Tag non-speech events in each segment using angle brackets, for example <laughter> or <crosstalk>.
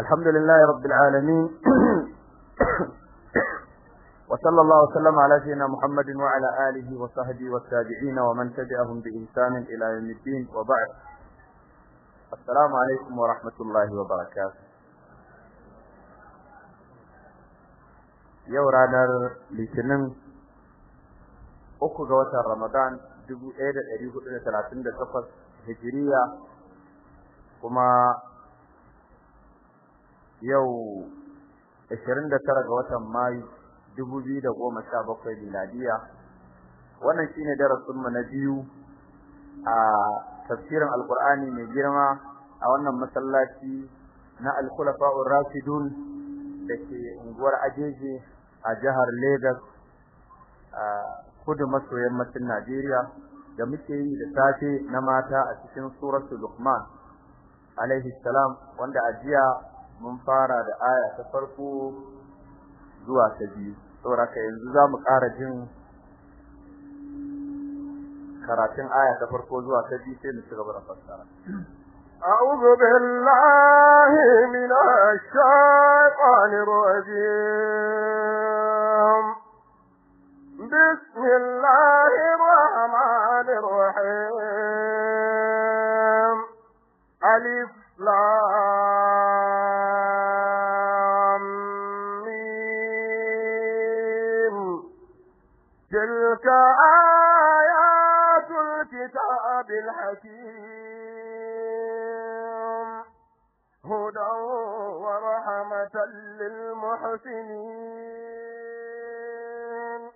الحمد لله رب العالمين وصلى الله وسلم على سيدنا محمد وعلى آله وصحبه والتابعين ومن تبعهم بإنسان إلى يوم الدين وبعد السلام عليكم ورحمة الله وبركاته يورا دار لتنم اوكو رمضان دبو إيدا هجرية kuma yau 29 ga watan Mayu 2017 miladiya wannan shine darasin mu na biyu a tafsirin alqur'ani mai girma a wannan masallaci na al-khulafa'ur rasidun dake unguwar Ajeje a jihar Lagos a kudu maso yammacin Najeriya da muke yi da safe na mata a cikin suratul Luqman alaihi salam wanda ajiya mun fara da aya ta farko zuwa ta biyu saboda yanzu zamu ƙara jin karatun aya ta farko zuwa ta biyu sai mu ci gaba da fassara أعوذ بالله من الشيطان الرجيم بسم الله الرحمن الرحيم ألف لام حكيم هدى ورحمة للمحسنين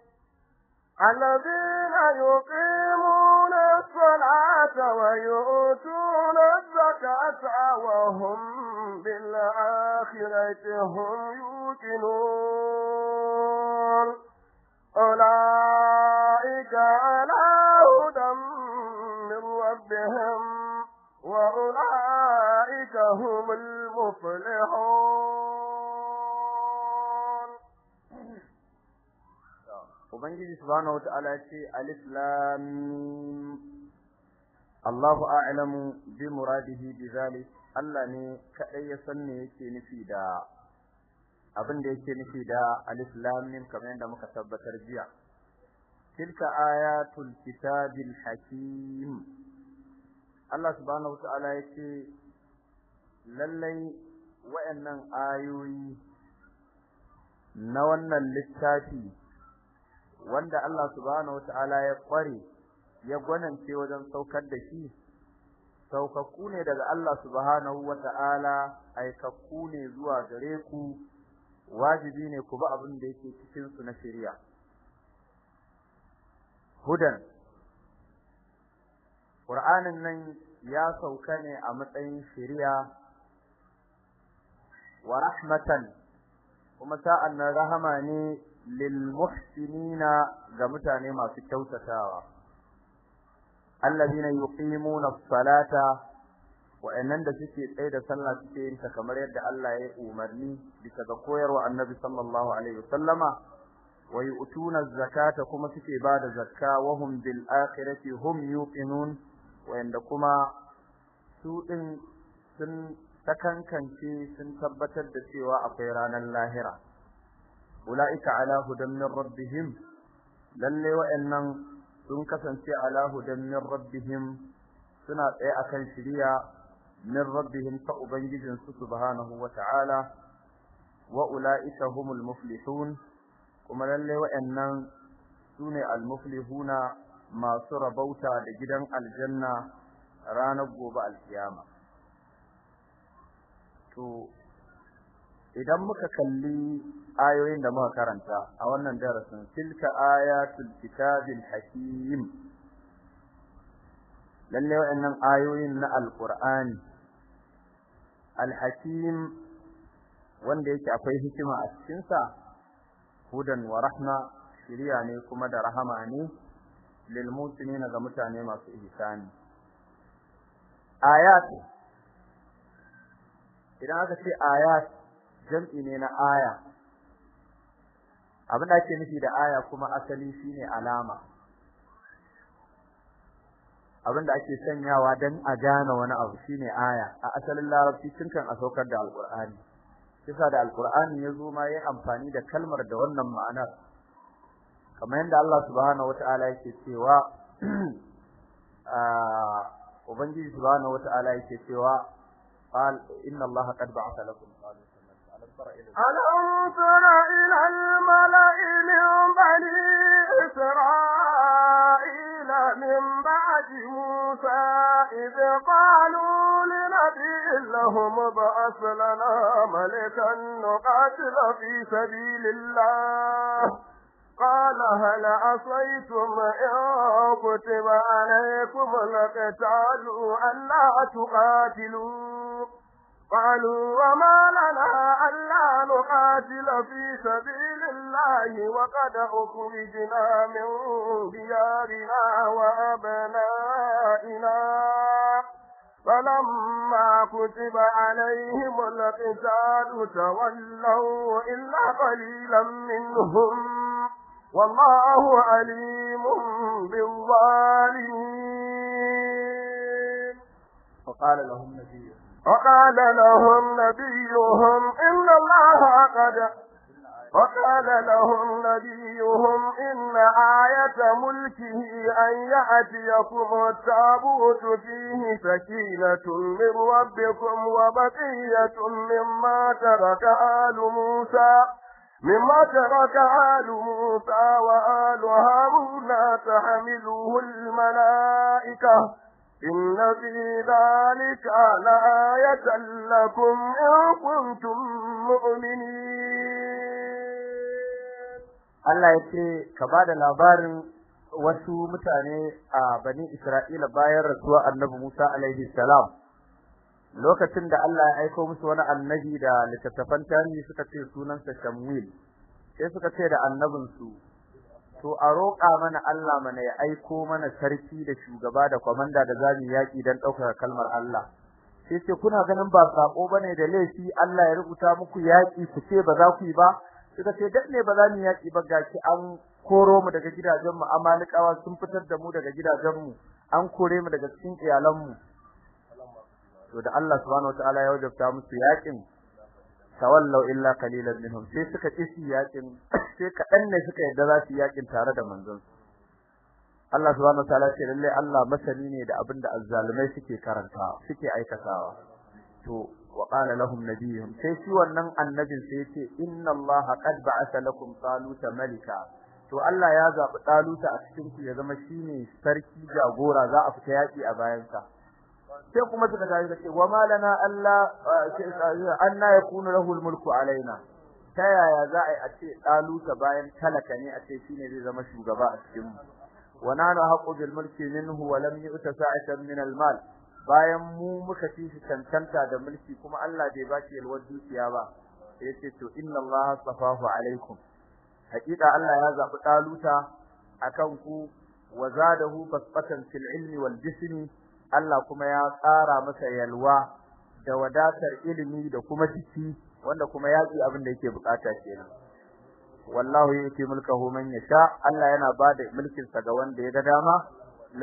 الذين يقيمون الصلاة ويؤتون الزكاة وهم بالآخرة هم يوقنون أولئك ربهم وأولئك هم المفلحون وبنجي سبحانه وتعالى ألف لام الله أعلم بمراده بذلك Allah ne kaɗai ya san me yake nufi da abin da yake nufi da alif lam mim kamar yadda muka tabbatar jiya tilka ayatul kitabil hakim Allah subhanahu wataala ce lallai wayannan ayoyi na wannan littafi wanda Allah subhanahu wataala ya kware ya gwanance wajen saukar da shi saukakku ne daga Allah subhanahu wataala aikakku ne zuwa gare ku wajibi ne ku ba abin da yake cikin su na shirya. hudan Qur'anin nan ya sauka ne a matsayin shari'a wa rahmatan kuma sa'an na rahama ne lil muhsinina ga mutane masu kyautatawa alladhina yuqimuna as-salata wa'annan da suke tsaye da sallah suke yin ta kamar yadda Allah ya umarni bisa ga koyarwa Annabi sallallahu alaihi wasallama wa yu'tuna az-zakata kuma suke bada zakka wa hum bil akhirati hum yuqinun wayanda kuma su din sun takankance sun tabbatar da cewa akwai ranar lahira ulaika ala hudan min rabbihim lalle wa'annan sun kasance ala hudan min rabbihim suna tsaye akan shiriya min rabbihim ta ubangijin su subhanahu wata'ala wa ulaika humul muflihun kuma lalle wayannan sune al muflihuna masu rabauta da gidan aljanna ranar gobe alkiyama to idan muka kalli ayoyin da muka karanta a wannan darasin tilka ayatul kitabil hakim lalle wayannan ayoyin na alqur'ani alhakim wanda yake akwai hikima a cikin sa hudan wa rahma shiriya ne kuma da rahama ne lil mu'minina ga mutane masu ihsani ayat idan aka ce ayat jam'i ne na aya abin da ake nufi da aya kuma asali shine alama abin da ake sanyawa dan a gane wani abu shine aya a asalin larabci tun kan a saukar da alqur'ani kisa da alqur'ani yazo ma yayi amfani da kalmar da wannan ma'anar kamar yadda Allah subhanahu wataala yake cewa ah ubangiji subhanahu wataala yake cewa qal inna Allah qad ba'atha lakum اللهم بعث لنا ملكا نقاتل في سبيل الله قال هل عصيتم إن كتب عليكم القتال ألا تقاتلوا قالوا وما لنا ألا نقاتل في سبيل الله وقد أخرجنا من ديارنا وأبنائنا فلما كتب عليهم القتال تولوا إلا قليلا منهم والله عليم بالظالمين فقال لهم نبيهم وقال لهم نبيهم إن الله قد وقال لهم نبيهم إن آية ملكه أن يأتيكم التابوت فيه سكينة من ربكم وبقية مما ترك آل موسى مما ترك آل موسى وآل هارون تحمله الملائكة إن في ذلك لآية لكم إن كنتم مؤمنين الله يتي كبعد الأبار وسو متاني آه، بني إسرائيل باير bayan rasuwa موسى عليه السلام lokacin da Allah ya aika musu wani annabi da littattafan tarihi suka ce sunansa Shamwil sai suka ce da annabin su to a roƙa mana Allah mana ya aiko mana sarki da shugaba da komanda da zabi yaki dan daukar kalmar Allah sai ce kuna ganin ba sako bane da laifi Allah ya rubuta muku yaki ku ce ba za ku yi ba suka ce dan ne ba za mu yaki ba gaki an koro mu daga gidajen mu amalikawa sun fitar da mu daga gidajen mu an kore mu daga cikin iyalan mu to da Allah subhanahu wataala ya wajabta musu yakin tawallu illa qalilan minhum sai suka kishi yakin <coughs> sai kadan ne suka yadda za su yakin tare da manzon Allah subhanahu wataala ce lalle Allah masani ne da abinda azzalumai suke karanta suke aikatawa to wa qala lahum nabiyuhum sai shi wannan annabin sai yace inna Allah qad ba'atha lakum taluta malika to Allah ya zabi taluta a cikin ku ya zama shine sarki jagora za a fita yaki a bayansa sai kuma suka tashi suka ce wa malana alla eh, eh, anna yakunu lahu almulku alaina ta yaya za a ce daluta bayan talaka ne a ce shine zai zama shugaba a cikin mu wa nanu haqu bil mulki minhu wa lam yu'ta sa'atan min almal bayan mu muka ci shi tantanta da mulki kuma Allah bai ba shi yalwar dukiya ba yace to inna Allah safahu alaikum hakika Allah ya zabi daluta akan ku wa zadahu fasfatan fil ilmi wal jismi Allah kuma ya tsara masa yalwa da wadatar ilimi da kuma ciki wanda kuma yaki abin da yake bukata kenan wallahu yuti mulkahu man yasha Allah yana bada mulkin sa ga wanda ya ga dama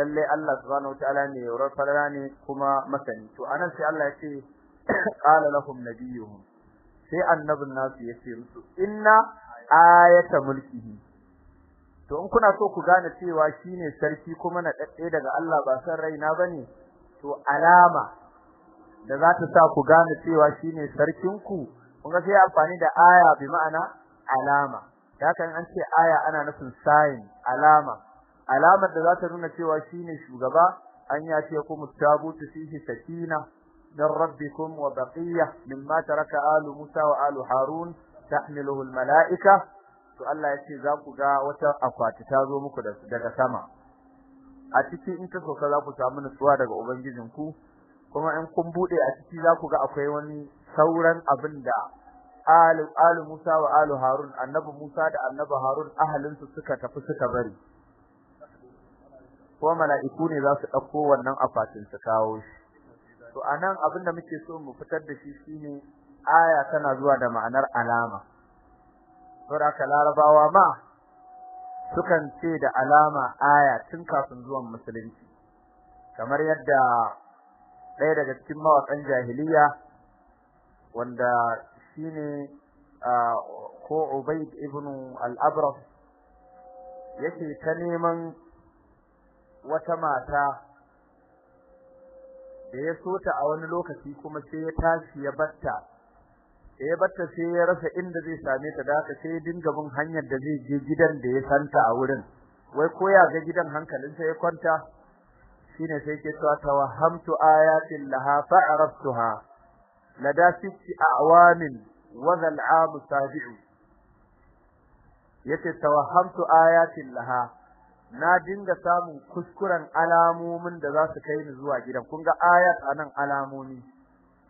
lalle Allah subhanahu wataala ne ya farara ne kuma masani to anan sai Allah ya ce <coughs> qala lahum nabiyuhum sai annabin nasu yace musu inna ayata mulkihi to in kuna so ku gane cewa shine sarki kuma na dadde daga Allah ba san raina bane to alama da za ta sa ku gane cewa shine sarkin ku kun ga sai amfani da aya bi ma'ana alama dakan an ce aya ana nufin sign alama alamar da za ta nuna cewa shine shugaba an ya ce ku mutabutu fihi sakina min rabbikum wa baqiyya mimma taraka alu musa wa alu harun tahmiluhu al mala'ika to Allah ya ce za ku ga wata akwati ta zo muku daga sama a ciki in ta soka za ku samu nutsuwa daga ubangijin ku kuma in kun bude a ciki za ku ga akwai wani sauran abin da alu alu Musa wa alu Harun annabi Musa da annabi Harun ahalin su suka tafi suka bari ko mala'iku ne za su dauko wannan akwatin su kawo shi to anan abin da muke so mu fitar da shi shine aya tana zuwa da ma'anar alama saboda larabawa ma sukan ce da alama aya tun kafin zuwan musulunci kamar yadda ɗaya daga cikin mawakan jahiliya wanda shine ko ubaid ibn al-Abras yake ta neman wata mata da ya sota a wani lokaci kuma sai ya tashi ya batta da ya batta sai ya rasa inda zai same ta da haka sai ya dinga bin hanyar da zai je gidan da ya santa a wurin wai ko ya ga gidan hankalin hankalinsa ya kwanta shine sai ke cewa tawahhamtu ayatin laha fa'araftuha lada sitti awamin wa zal aam sabi'u yace tawahhamtu ayatin laha na dinga samun kuskuren alamomin da za su kai ni zuwa gidan kun ga ayat anan alamomi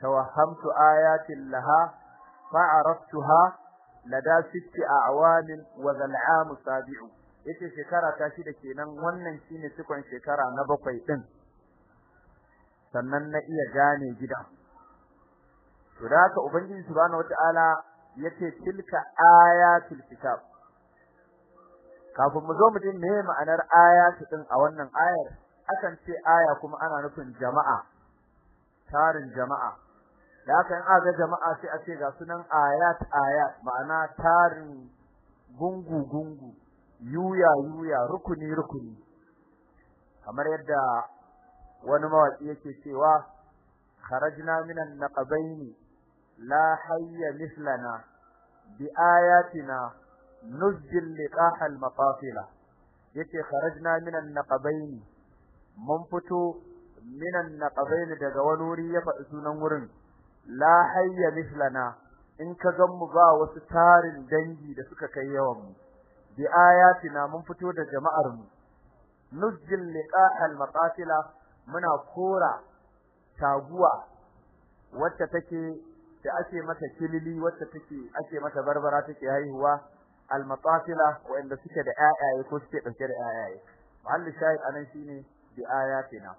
tawahhamtu ayatin laha fa'araftuha lada sitti a'wamin wa zal'am sabi'u yace shekara ta shida kenan wannan shine cikon shekara na bakwai din sannan na iya gane gida to da haka ubangiji subhanahu wataala yace tilka ayatul kitab kafin mu zo mu ji me ma'anar ayatu ɗin a wannan ayar akan ce aya kuma ana nufin jama'a tarin jama'a da haka in aka jama'a sai a ce ga sunan ayat ayat ma'ana tarin gungu gungu yuya yuya rukuni rukuni kamar yadda wani mawaki yake cewa kharajna minan naqabaini la hayya mithlana bi ayatina nuzjil liqah al mafasila yake kharajna minan naqabaini mun fito minan naqabaini daga wani wuri ya faɗi sunan wurin la hayya mislana in ka gan mu ba wasu tarin dangi da suka kai yawan mu bi ayatina mun fito da jama'ar mu nujjil al maqatila muna kora taguwa wacce take da ake mata kilili wacce take ake mata barbara take haihuwa al maqatila inda suke da ayaye ko suke dauke da ayaye mahallin shi anan shine bi ayatina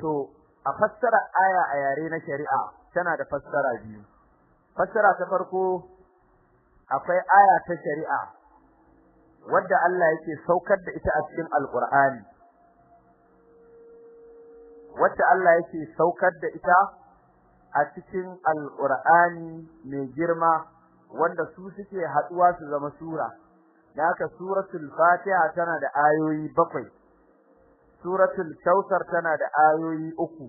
to a fassara aya a yare na shari'a tana da fassara biyu fassara ta farko akwai aya ta shari'a wadda Allah yake saukar da ita a cikin alqur'ani wanda Allah yake saukar da ita a cikin alqur'ani mai girma wanda su suke haduwa su zama sura da haka suratul fatiha tana da ayoyi bakwai suratul kautsar tana da ayoyi uku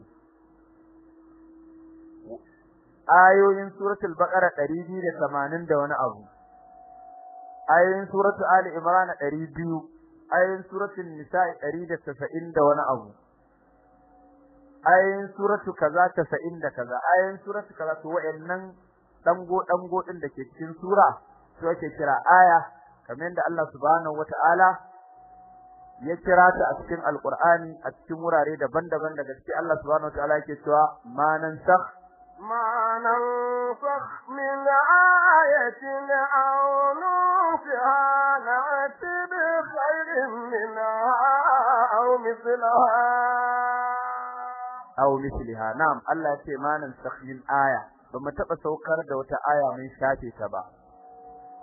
ayoyin suratul baqara 280 da wani abu ayoyin suratul ali imran 200 ayoyin suratul nisa'i 190 da wani abu ayoyin suratul kaza 90 da kaza ayoyin suratul kaza to wayannan dango dango din da ke cikin sura su ake kira aya kamar yadda Allah subhanahu wataala ya kira ta a cikin alqur'ani a cikin wurare daban-daban daga cikin Allah subhanahu wataala yake cewa ma nan sakh ma nan sakh min ayatin aw nusiha na'ti bi khairin minha aw mithlaha aw mithlaha na'am Allah ya ce ma nan sakh min aya ba mu taba saukar da wata aya mun shafe ta ba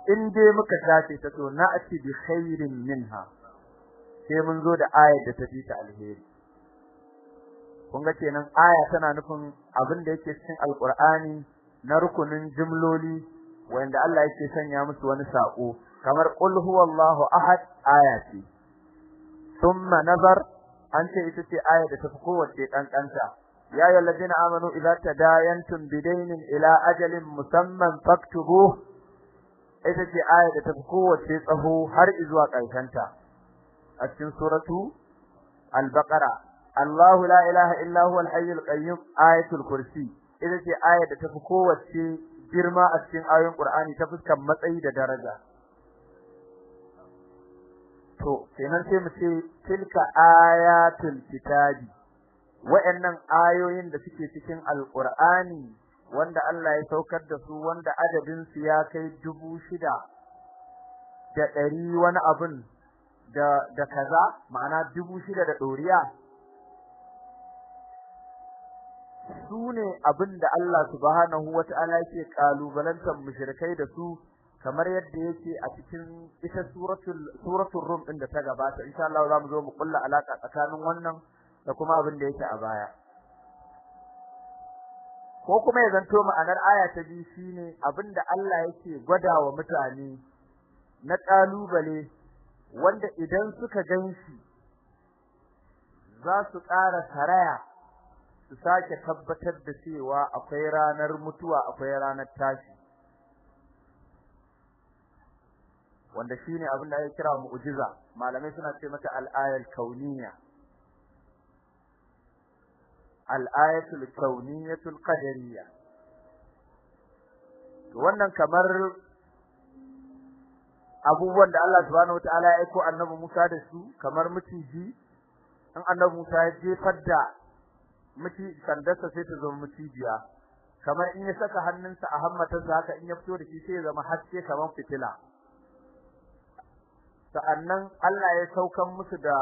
in dai muka shafe ta to na'ti bi khairin minha sai mun zo da ayar da ta fi ta alheri kun ga kenan aya tana nufin abin da yake cikin alqur'ani na rukunin jumloli wanda Allah yake sanya musu wani sako kamar qul huwallahu ahad ayati thumma nazar an ce ita ce aya da fi kowace kankanta ya ladina amanu idza tadayantum bidaynin ila ajalin musamman faktubuh ita ce aya da fi kowace tsaho har zuwa kankanta a cikin suratu al-baqara Allahu la ilaha illa huwa al-hayyul qayyum ayatul kursi ita ce ayar da tafi kowace girma a cikin ayoyin Qur'ani ta fuskar matsayi da daraja to kenan sai mu ce tilka ayatul kitabi wa'annan ayoyin da suke cikin alqur'ani wanda Allah ya saukar da su wanda adadin su ya kai dubu shida da ɗari wani abun da da kaza ma'ana dubu shida da doriya sune abin da Allah subhanahu wata'ala yake kalubalantar mushrikai da su kamar yadda yake a cikin ita suratul suratul rum ɗin da ta gabata insha Allah zamu zo mu kulla alaka tsakanin wannan da kuma abin da yake a baya ko kuma ya zanto ma'anar aya ta biyu shine abin da Allah yake gwada wa mutane na kalubale wanda idan suka ganshi za su ƙara saraya su sake tabbatar da cewa akwai ranar mutuwa akwai ranar tashi wanda shine abin da ake kira mu'ujiza, malamai suna ce mata al-ayatul kauniyya al-ayatul kauniyyatul wannan kamar abubuwan da Allah subhanahu wataala ya aika annabi Musa da su kamar miciji in annabi Musa ya jefar da miki sandarsa sai ta zama micijiya kamar in ya saka hannunsa a hammatarsa haka in ya fito da shi sai ya zama haske kamar fitila sa'annan Allah ya saukan musu da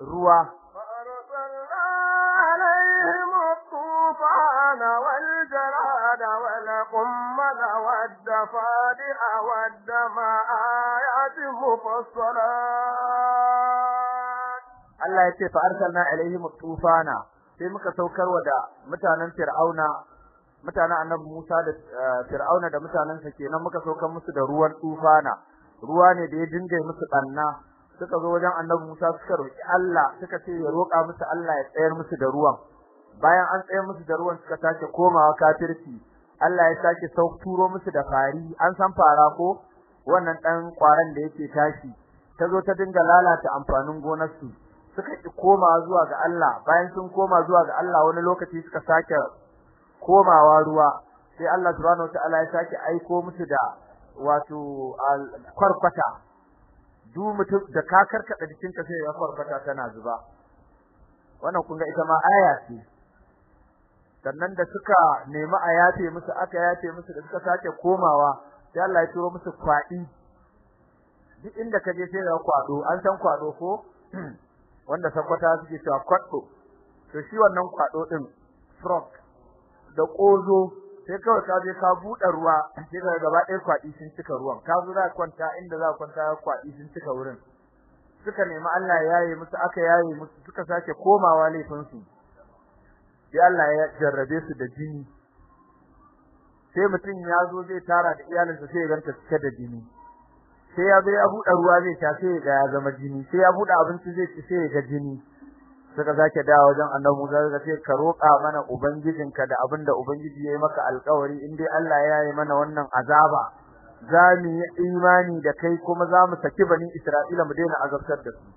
ruwa والجراد والقمل والدفادع والدماء Allah ya ce fa arsalna alaihim tufana sai muka saukarwa da mutanen fir'auna mutanen annabi Musa da fir'auna da mutanen sa kenan muka saukar musu da ruwan tufana ruwa ne da ya dinga musu danna suka zo wajen annabi Musa suka roki Allah suka ce ya roka musu Allah ya tsayar musu da ruwan bayan an tsayar musu da ruwan suka tashi komawa kafirci Allah ya sake sauk turo musu da fari an san fara ko wannan dan kwaran da yake tashi ta zo ta dinga lalata amfanin gonar su suka ki koma zuwa ga Allah bayan sun koma zuwa ga Allah wani lokaci suka sake komawa ruwa sai Allah subhanahu wataala ya sake aiko musu da wato kwarkwata du mutum da kakar cikin jikinka sai ya kwarkwata tana zuba wannan kun ga ita ma aya ce sannan da suka nemi a yafe musu aka yafe musu da suka sake komawa sai Allah ya turo musu kwadi duk inda ka je sai ga kwado an san kwado ko <clears throat> wanda sakwata suke cewa kwado to shi wannan kwado din frog da kozo sai kawai ka je ka buɗe ruwa sai ga gaba ɗaya kwadi sun cika ruwan ka zo za kwanta inda za kwanta kwadi sun cika wurin suka nemi Allah ya yaye musu aka yaye musu suka sake komawa laifin su sai Allah ya jarrabe su da jini sai mutum ya zo zai tara da iyalinsa sai ya ganta cike da jini sai ya zo ya buɗe ruwa zai sha sai ga ya zama jini sai ya buɗe abinci zai ci sai ya ga jini saka zake dawo wajen Annabi Musa suka ce ka roƙa mana ubangijinka da abinda ubangiji yayi maka alƙawari in dai Allah ya yi mana wannan azaba za mu yi imani da kai kuma za mu saki bani Isra'ila mu daina azabtar da su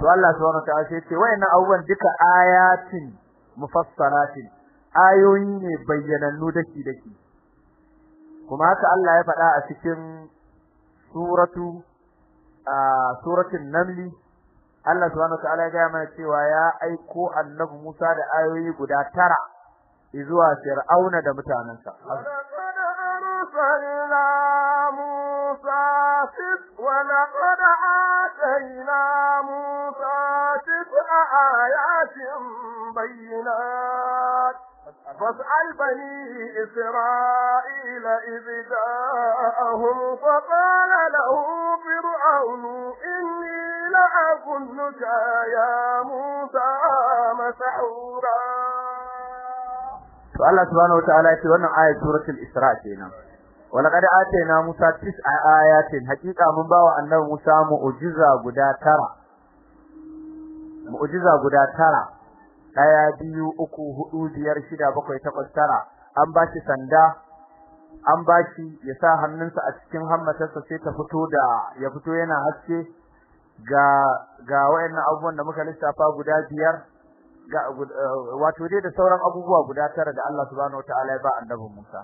to Allah subhanahu wa ta'ala sai ce wayannan abubuwan duka ayatin mufassalatin ayoyi ne bayyanannu daki dake kuma haka Allah ya faɗa a cikin suratu a suratul naml Allah subhanahu wataala ya gaya mana cewa ya aiko annabi Musa da ayoyi guda tara zuwa Fir'auna da mutanansa ولقد فاسأل بني إسرائيل إذ جاءهم فقال له فرعون إني لأظنك يا موسى مسحورا فالله سبحانه وتعالى في wannan ayat suratul Isra kenan walaqad atayna Musa tis'a ayatin haqiqa mun bawa annabin Musa mu'jiza mu'jiza guda tara daya biyu uku hudu biyar shida bakwai takwas tara an ba shi sanda an ba shi ya sa hannunsa a cikin hammatarsa sai ta fito da ya fito yana haske ga ga wayannan abubuwan da muka lissafa guda biyar ga eh, wato dai da sauran abubuwa guda tara da Allah subhanahu wataala ya ba annabi Musa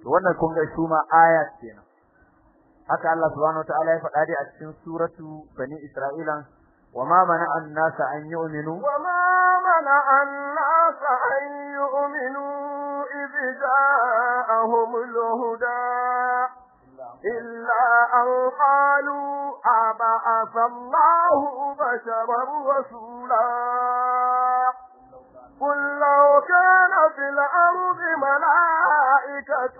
to wannan kun ga su ma aya kenan haka Allah subhanahu wataala ya faɗa dai a cikin suratu bani isra'ila wama mana an-nasa an yu'minu wama كان الناس أن يؤمنوا إذ جاءهم الهدى إلا أن قالوا أبعث الله بشرا رسولا قل لو كان في الأرض ملائكة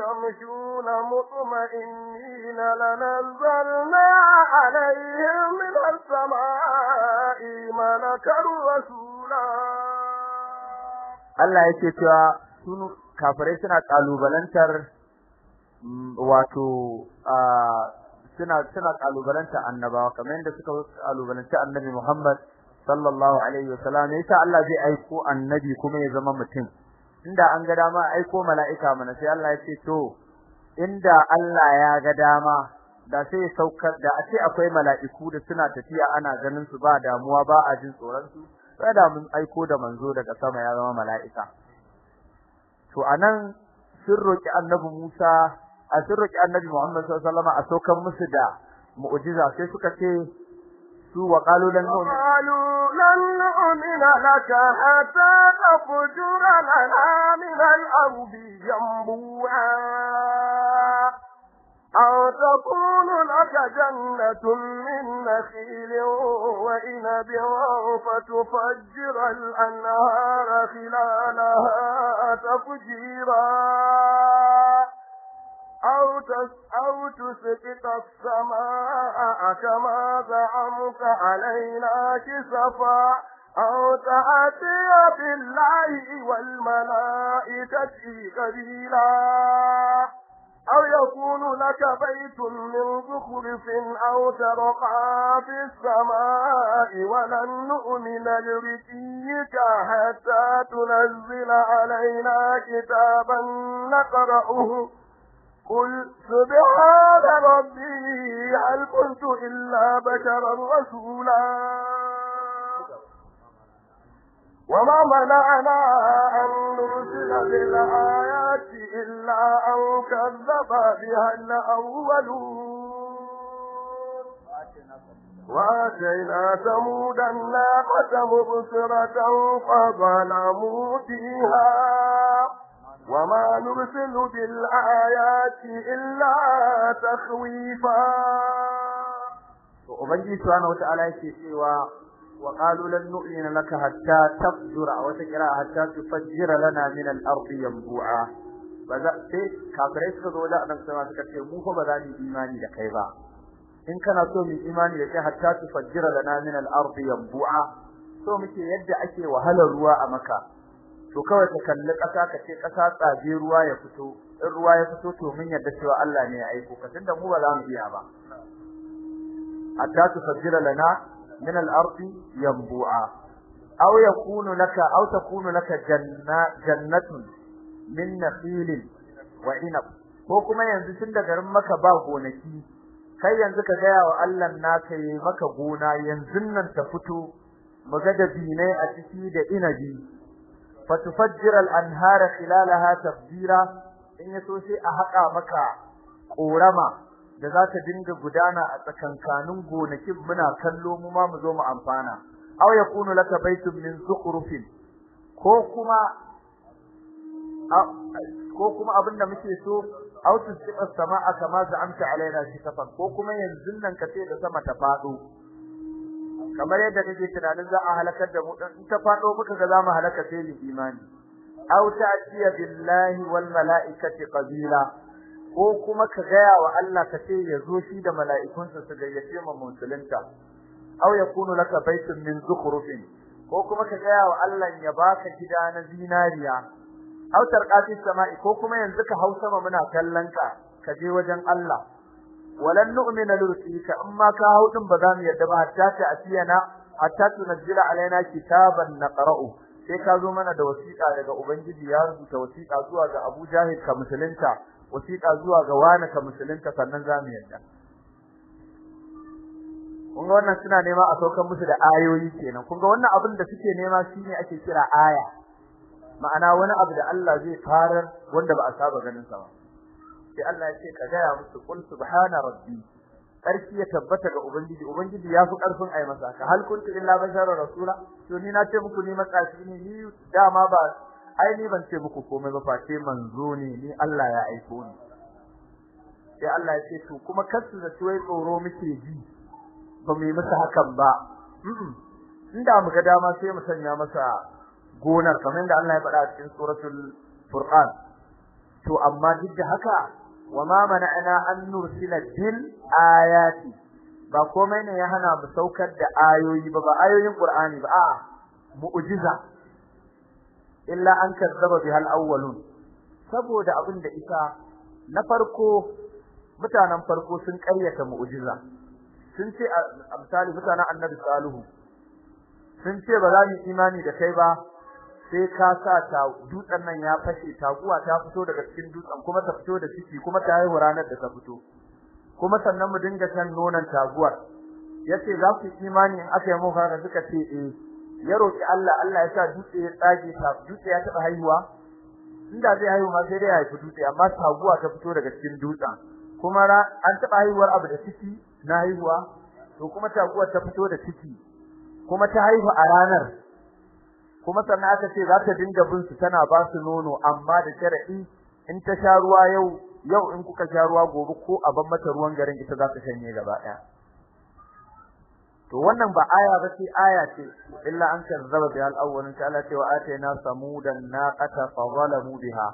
يمشون مطمئنين لنزلنا عليهم من السماء ملكا رسولا Allah ce cewa sun kafirai suna kalubalantar mm, wato suna suna kalubalantar annabawa kamar yadda suka kalubalanta annabi Muhammad sallallahu alaihi wasallam sa Allah zai aiko annabi kuma ya zama mutum inda an ga dama aiko mala'ika mana sai Allah ya ce to inda Allah ya ga dama da sai ya saukar da a ce akwai mala'iku da suna tafiya ana ganin su ba damuwa ba a jin tsoron su sai mun aiko da manzo daga sama ya zama mala'ika to anan sirruki annabi Musa a sirruki annabi Muhammad sallallahu alaihi wasallam a saukar musu da mu'jiza sai suka ce su wa qalu lan nu'mina laka hatta tafjura lana min al-ardi yanbu'a أو تكون لك جنة من نخيل وإنب فتفجر الأنهار خلالها تفجيرا أو, تس أو تسقط السماء كما زعمت علينا كسفا أو تأتي بالله والملائكة قبيلا أو يكون لك بيت من زخرف أو ترقى في السماء ولن نؤمن لرقيك حتى تنزل علينا كتابا نقرأه قل سبحان ربي هل كنت إلا بشرا رسولا وما منعنا أن نرسل بالآية إلا أو كذب بها الأول وآتينا ثمود الناقة مبصرة فظلموا فيها وما نرسل بالآيات إلا تخويفا وبنجي سبحانه وتعالى يسوى وقالوا لن نؤمن لك حتى تفجر وتقرأ حتى تفجر لنا من الأرض ينبوعا ba za sai kafirai suka zo wajen annabi sallallahu alaihi wasallam suka ce mu fa ba za mu imani da kai ba in kana so mu imani da kai hatta tufajjira lana min al-ardi yanbu'a so muke yadda ake wahalar ruwa a maka to kawai ka kalli ƙasa ka ce ƙasa tsaje ruwa ya fito in ruwa ya fito to mun yadda cewa Allah ne ya aiko ka tunda mu ba za mu iya ba hatta tufajjira lana min al-ardi yanbu'a aw yakunu laka aw takunu laka jannatun min nakhilin wa inab ko kuma yanzu tun da garin maka ba gonaki kai yanzu ka ga yawa Allah naka yi maka gona yanzu nan ta fito maga da binai a ciki da inabi fatufajjir al anhara khilalaha tafjira in yaso sai a haƙa maka korama da za ta dinga gudana a tsakankanin gonakin muna kallo mu ma mu zo mu amfana aw yakunu laka baytun min zukhrufin ko kuma ko kuma abinda muke so aw tusqiqa samaa kama za'amta alaina shikafan ko kuma yanzu nan ka ce da sama ta fado kamar yadda kake tunanin za a halakar da mu dan in ta fado muka ga za mu halaka sai imani aw ta'tiya billahi wal mala'ikati qabila ko kuma ka gaya wa Allah ka ce ya shi da mala'ikunsa su gayyace ma musulunta aw yakunu laka baytun min zukhrufin ko kuma ka gaya wa Allah ya baka gida na zinariya Hautar qatis samai ko kuma yanzu ka hausa ma muna kallon ka ka je wajen Allah walan nu'mina lirsika amma ka haudin ba za mu yadda ba hatta ta asiyana hatta tunzila alaina kitaban naqra'u sai ka zo mana da wasiƙa daga ubangiji ya rubuta wasiƙa zuwa ga Abu Jahil ka musulunta wasiƙa zuwa ga wani ka musulunta sannan za mu yadda kun ga wannan suna nema a saukan musu da ayoyi kenan kun ga wannan abin da suke nema shine ake kira aya ma'ana wani abu da Allah zai farar wanda ba a saba ganin sa ba sai Allah ya ce ka ga musu kun subhana rabbi karfi ya tabbata ga ubangiji ubangiji ya fi karfin ayi masa ka hal kuntu illa bashara rasula to ni na ce muku ni matsafi ne ni dama ba ai ni ban ce muku komai ba face manzo ne ni Allah ya aiko ni sai Allah ya ce to kuma kasu da tuwai tsoro muke ji ba mu yi masa hakan ba In inda muka dama sai mu sanya masa gonar kamar da Allah ya faɗa a cikin suratul furqan to amma duk da haka wama mana'ana an nursila bil ayati ba komai ne ya hana mu saukar da ayoyi ba ba ayoyin qur'ani ba a'a mu'jiza illa an kazzaba bihal awwalun saboda abin da isa na farko mutanen farko sun ƙaryata mu'jiza sun ce a misali mutanen annabi salihu sun ce ba za mu imani da kai ba sai ka sa ta dutsen nan ya fashe taguwa ta fito daga cikin dutsen kuma ta fito da ciki kuma ta yi ranar da ta fito kuma sannan mu dinga san nonon taguwar yace za ku imani in aka yi mu fara suka ce eh ya roki Allah Allah ya sa dutse ya tsage ta dutse ya taba haihuwa inda zai haihu ma sai dai ya haifi dutse amma taguwa ta fito daga cikin dutsen kuma an taba haihuwar abu da ciki na haihuwa to kuma taguwar ta fito da ciki kuma ta haihu a ranar kuma sannan aka ce za ta dinga bin su tana ba su nono amma da shar'i in ta sha ruwa yau yau in kuka sha ruwa gobe ko a ban mata ruwan garin ita za ta shanye gaba daya to wannan ba aya ba ce aya ce illa an kazzaba bi al-awwalin ta Allah cewa atayna samudan naqata fa zalamu biha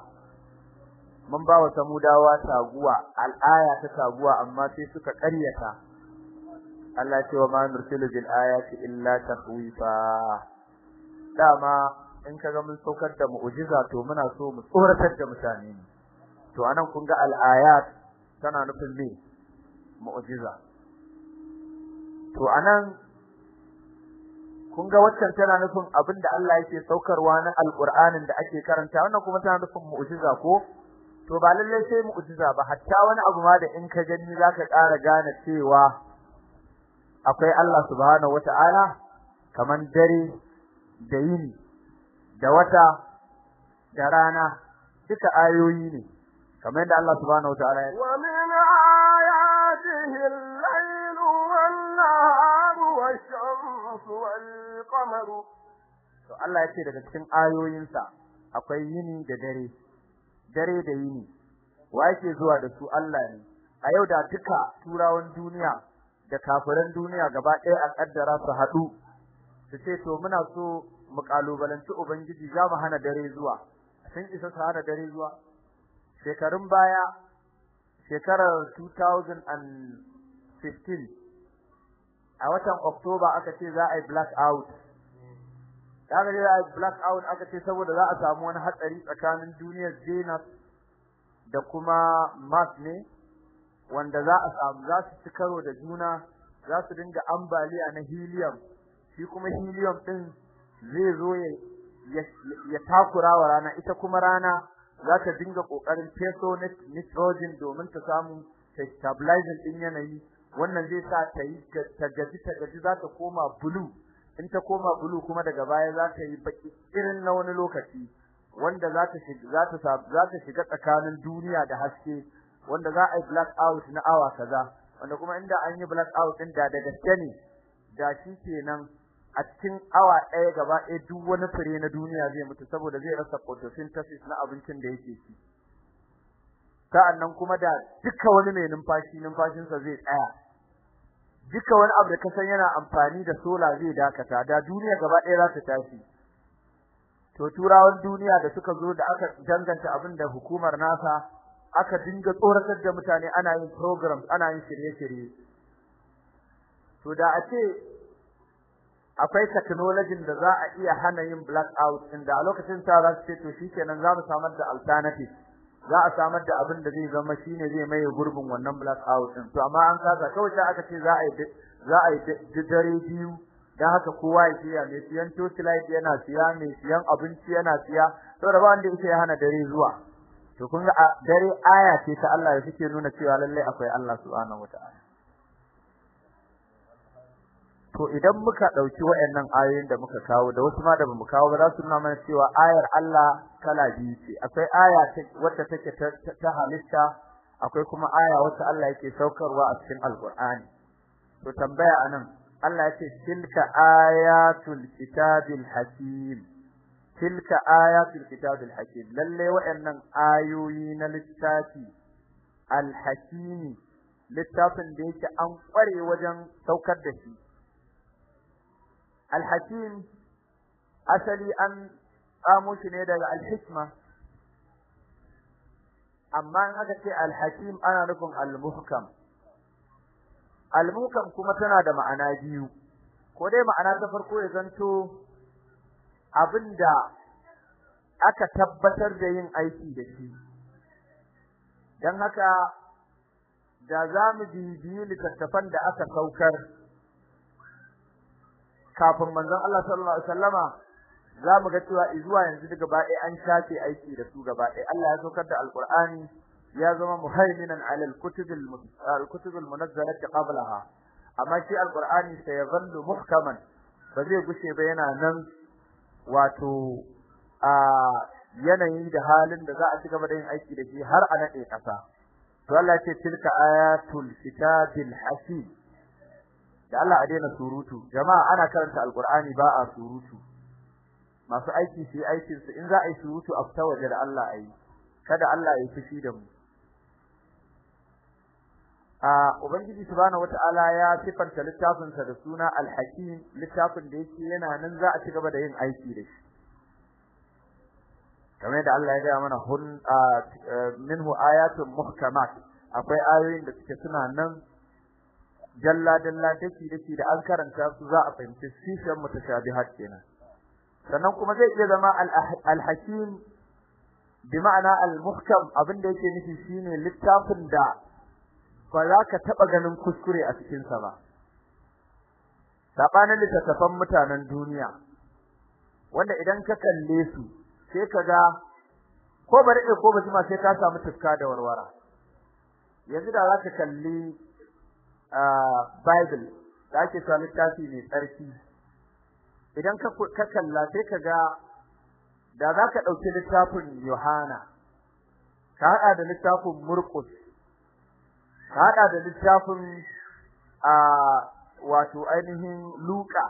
mun ba wa samudawa taguwa al-aya ta taguwa amma sai suka ƙaryata Allah wa ma nursilu bil ayati illa tahwifa dama in kaga mun saukar da mu'jiza to muna so mu tsoratar da mutane ne to anan kun ga al-ayat tana nufin me mu'jiza to anan kun ga wacce tana nufin abinda Allah yake saukarwa na al-Qur'anin da ake karanta wannan kuma tana nufin mu'jiza ko to ba lalle sai mu'jiza ba hatta wani abu ma da in ka gani zaka ƙara gane cewa akwai Allah subhanahu wata'ala kaman dare da yini da wata da rana duka ayoyi ne kamar da Allah subhanahu wataala ya wa min ayatihi al-layl wan-nahar wash shamsu wal qamaru to Allah ya daga cikin ayoyinsa akwai yini da dare dare da yini wa yake zuwa da su Allah ne a yau da duka turawan duniya da kafiran duniya gaba ɗaya a kaddara su haɗu su ce to muna so mu kalubalanci ubangiji za mu hana dare zuwa sun isa su hana dare zuwa shekarun baya shekarar 2015 a watan October aka ce za a yi black out kaga za a yi black out aka ce saboda za a samu wani hatsari tsakanin duniyar Venus da kuma Mars ne wanda za a samu za su ci karo da juna za su dinga ambaliya na helium shi kuma helium din zai zo ya takura wa rana ita kuma rana za ta dinga kokarin peso nitrogen domin ta samu ta stabilize din yanayi wannan zai sa ta yi ta gaji ta gaji za ta koma blue in ta koma blue kuma daga baya za ta yi baki irin na wani lokaci wanda za ta shiga za ta za ta shiga tsakanin duniya da haske wanda za a yi black out na awa kaza wanda kuma inda an yi black out din da da ne da shi kenan a cikin awa ɗaya gaba ɗaya duk wani fure na duniya zai mutu saboda zai rasa photosynthesis na abincin da yake ci nan kuma da duka wani mai numfashi numfashinsa zai tsaya duka wani abu da ka san yana amfani da sola zai dakata da duniya gaba ɗaya za ta tashi to turawan duniya da suka zo da aka danganta abin da hukumar nasa aka dinga tsoratar da mutane ana yin programs ana yin shirye-shirye to da a ce akwai technology da za a iya hana yin black out Da a lokacin sa za su ce to shikenan za mu samar da alternative za a samar da abin da zai zama shine zai maye gurbin wannan black out din to amma an kaza kawai da aka ce za a yi za a yi dare biyu dan haka kowa ya siya mai siyan torchlight yana siya mai siyan abinci yana siya da ba wanda yake hana dare zuwa to kun ga dare aya ce ta Allah da take nuna cewa lalle akwai Allah subhanahu wataala to idan muka dauki wayannan ayoyin da muka kawo da wasu ma da bamu kawo ba za su nuna mana cewa ayar Allah kala biyu ce akwai aya wacce take ta halitta akwai kuma aya wacce Allah yake saukarwa a cikin alqur'ani to tambaya anan Allah yace tilka ayatul kitabil hakim tilka ayatul kitabil hakim lalle wayannan ayoyi na littafi al littafin da yake an kware wajen saukar da shi Al-Hakim asali an samu shi ne daga al-hikma amma haka ce al-hakim ana nufin al-muhkam al-muhkam kuma tana da ma'ana biyu ko dai ma'ana ta farko ya zanto abinda aka tabbatar da yin aiki da shi dan haka da zamu bibiyi littattafan da aka saukar kafin manzon Allah sallallahu alaihi wasallama za ga cewa zuwa yanzu daga baɗe an shafe aiki da su gaba ɗaya Allah ya saukar da alqur'ani ya zama muhaiminan ala alkutubil alkutubil munazzalati qablaha amma shi alqur'ani sai ya zallu muhkaman ba zai gushe ba yana nan wato a yanayi da halin da za a ci gaba da yin aiki da shi har a nade kasa to Allah ya ce tilka ayatul kitabil hakim da Allah a daina surutu jama'a ana karanta alqur'ani ba a surutu masu aiki su yi aikin su in za a yi surutu a fita waje da Allah ayi kada Allah ya fushi da mu a ubangiji subhanahu wataala ya sifanta littafin sa da suna alhakim littafin da yake yana nan za a ci gaba da yin aiki da shi kamar da Allah ya ga mana hun minhu ayatun muhkamat akwai ayoyin da suke suna nan jalla dalla take da an karanta su za a fahimci sifan mutashabihat kenan sannan kuma zai iya zama al-hakim bi ma'ana al-muhkam abinda yake nufi shine littafin da ba za ka taba ganin kuskure a cikin sa ba sabanin littattafan mutanen duniya wanda idan ka kalle su sai ka ga ko bare ko ma sai ka samu tuska da warwara yanzu da za ka kalli bible da ake cewa littafi mai tsarki idan ka ka kalla sai ka ga da za ka ɗauki littafin yohana ka haɗa da littafin murkus ka haɗa da littafin a wato ainihin luka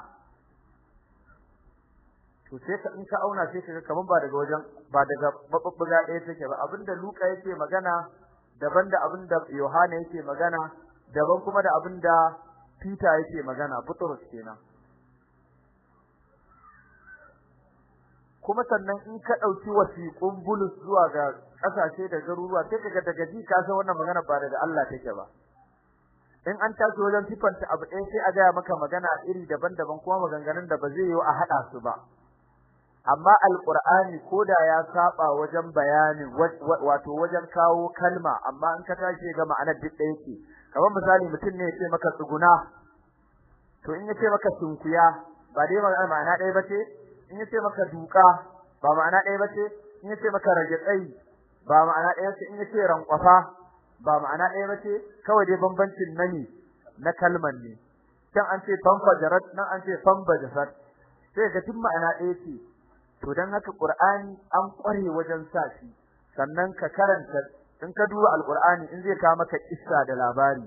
to sai ka in ka auna sai ka kaman ba daga wajen ba daga babbuga ɗaya take ba abinda Luka yake magana daban da abinda Yohana yake magana daban kuma da abin da Peter yake magana Butrus kenan kuma sannan in ka dauki wasiqun bulus zuwa ga kasashe da garuruwa sai kaga daga ji ka san wannan magana ba daga Allah take ba in an tashi wajen sifanta abu ɗaya sai a gaya maka magana iri daban-daban kuma maganganun da ba zai yi a haɗa su ba amma alqur'ani koda ya saba wajen bayani wato wajen kawo kalma amma in ka tashi ga ma'anar duk ɗaya yake kamar misali mutum ne ya ce maka tsuguna to in ya maka sunkuya ba dai ma'ana ɗaya bace in ya maka duka ba ma'ana ɗaya bace in ya maka rage tsayi ba ma'ana ɗaya bace in ya ce rankwafa ba ma'ana ɗaya bace kawai dai bambancin nani na kalman ne can an ce fanfajarat nan an ce sai ga tun ma'ana ɗaya ce to dan haka Qur'ani an ƙware wajen sa shi sannan ka karanta in ka duba alqur'ani in zai kawo maka kissa da labari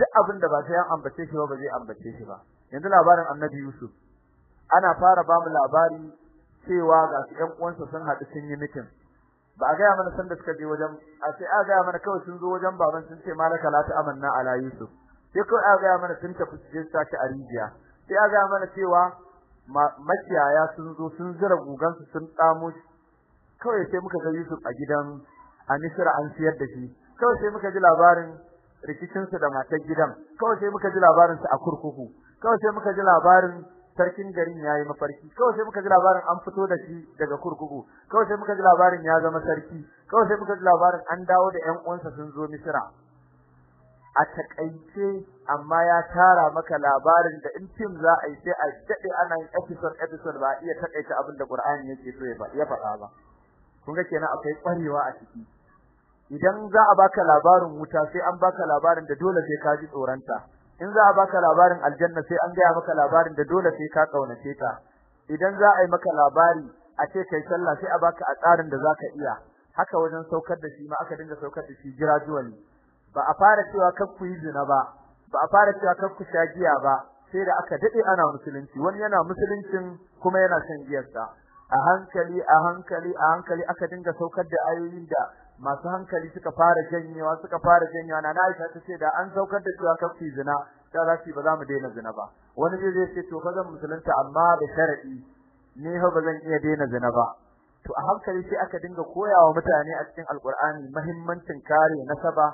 duk abin da ba sai an ambace shi ba ba zai ambace shi ba yanzu labarin annabi yusuf ana fara ba mu labari cewa ga su ƴan uwansa sun haɗu sun yi mitin ba a gaya mana san da suka je wajen a sai a gaya mana kawai sun zo wajen baban sun ce malaka la ta amanna ala yusuf sai ko a gaya mana sun tafi cikin sake arijiya sai a gaya mana cewa makiyaya sun zo sun zira gugansu sun tsamo kawai sai muka ga yusuf a gidan a Misira an siyar da shi kawai sai muka ji labarin rikicinsa da matar gidan kawai sai muka ji labarin sa a kurkuku kawai sai muka ji labarin sarkin garin yayi mafarki kawai sai muka ji labarin an fito da shi daga kurkuku kawai sai muka ji labarin ya zama sarki kawai sai muka ji labarin an dawo da ƴan uwansa sun zo Misira. a takaice amma ya tara maka labarin da in tim za a yi sai a dade ana yin episode episode ba iya takaice abin da Qur'ani yake so ya faɗa ba kun ga kenan akwai ƙwarewa a ciki idan za a baka labarin wuta sai an baka labarin da dole sai ka ji tsoranta in za a baka labarin aljanna sai an gaya maka labarin da dole sai ka kaunace ta idan za a yi maka labari a ce kai sallah sai a baka a tsarin da zaka iya haka wajen saukar da shi ma aka dinga saukar da shi gradually ba a fara cewa kar ku yi zina ba ba a fara cewa kar ku sha giya ba sai da aka dade ana musulunci wani yana musuluncin kuma yana son giyarsa a hankali a hankali a hankali aka dinga saukar da ayoyin da masu hankali suka fara janyewa suka fara janyewa na Aisha ta ce da an saukar da cewa kafi zina da za ba za mu daina zina ba wani zai zai ce to fa zan musulunta amma da sharadi ne ha ba zan iya daina zina ba to a hankali sai aka dinga koyawa mutane a cikin alkur'ani muhimmancin kare nasaba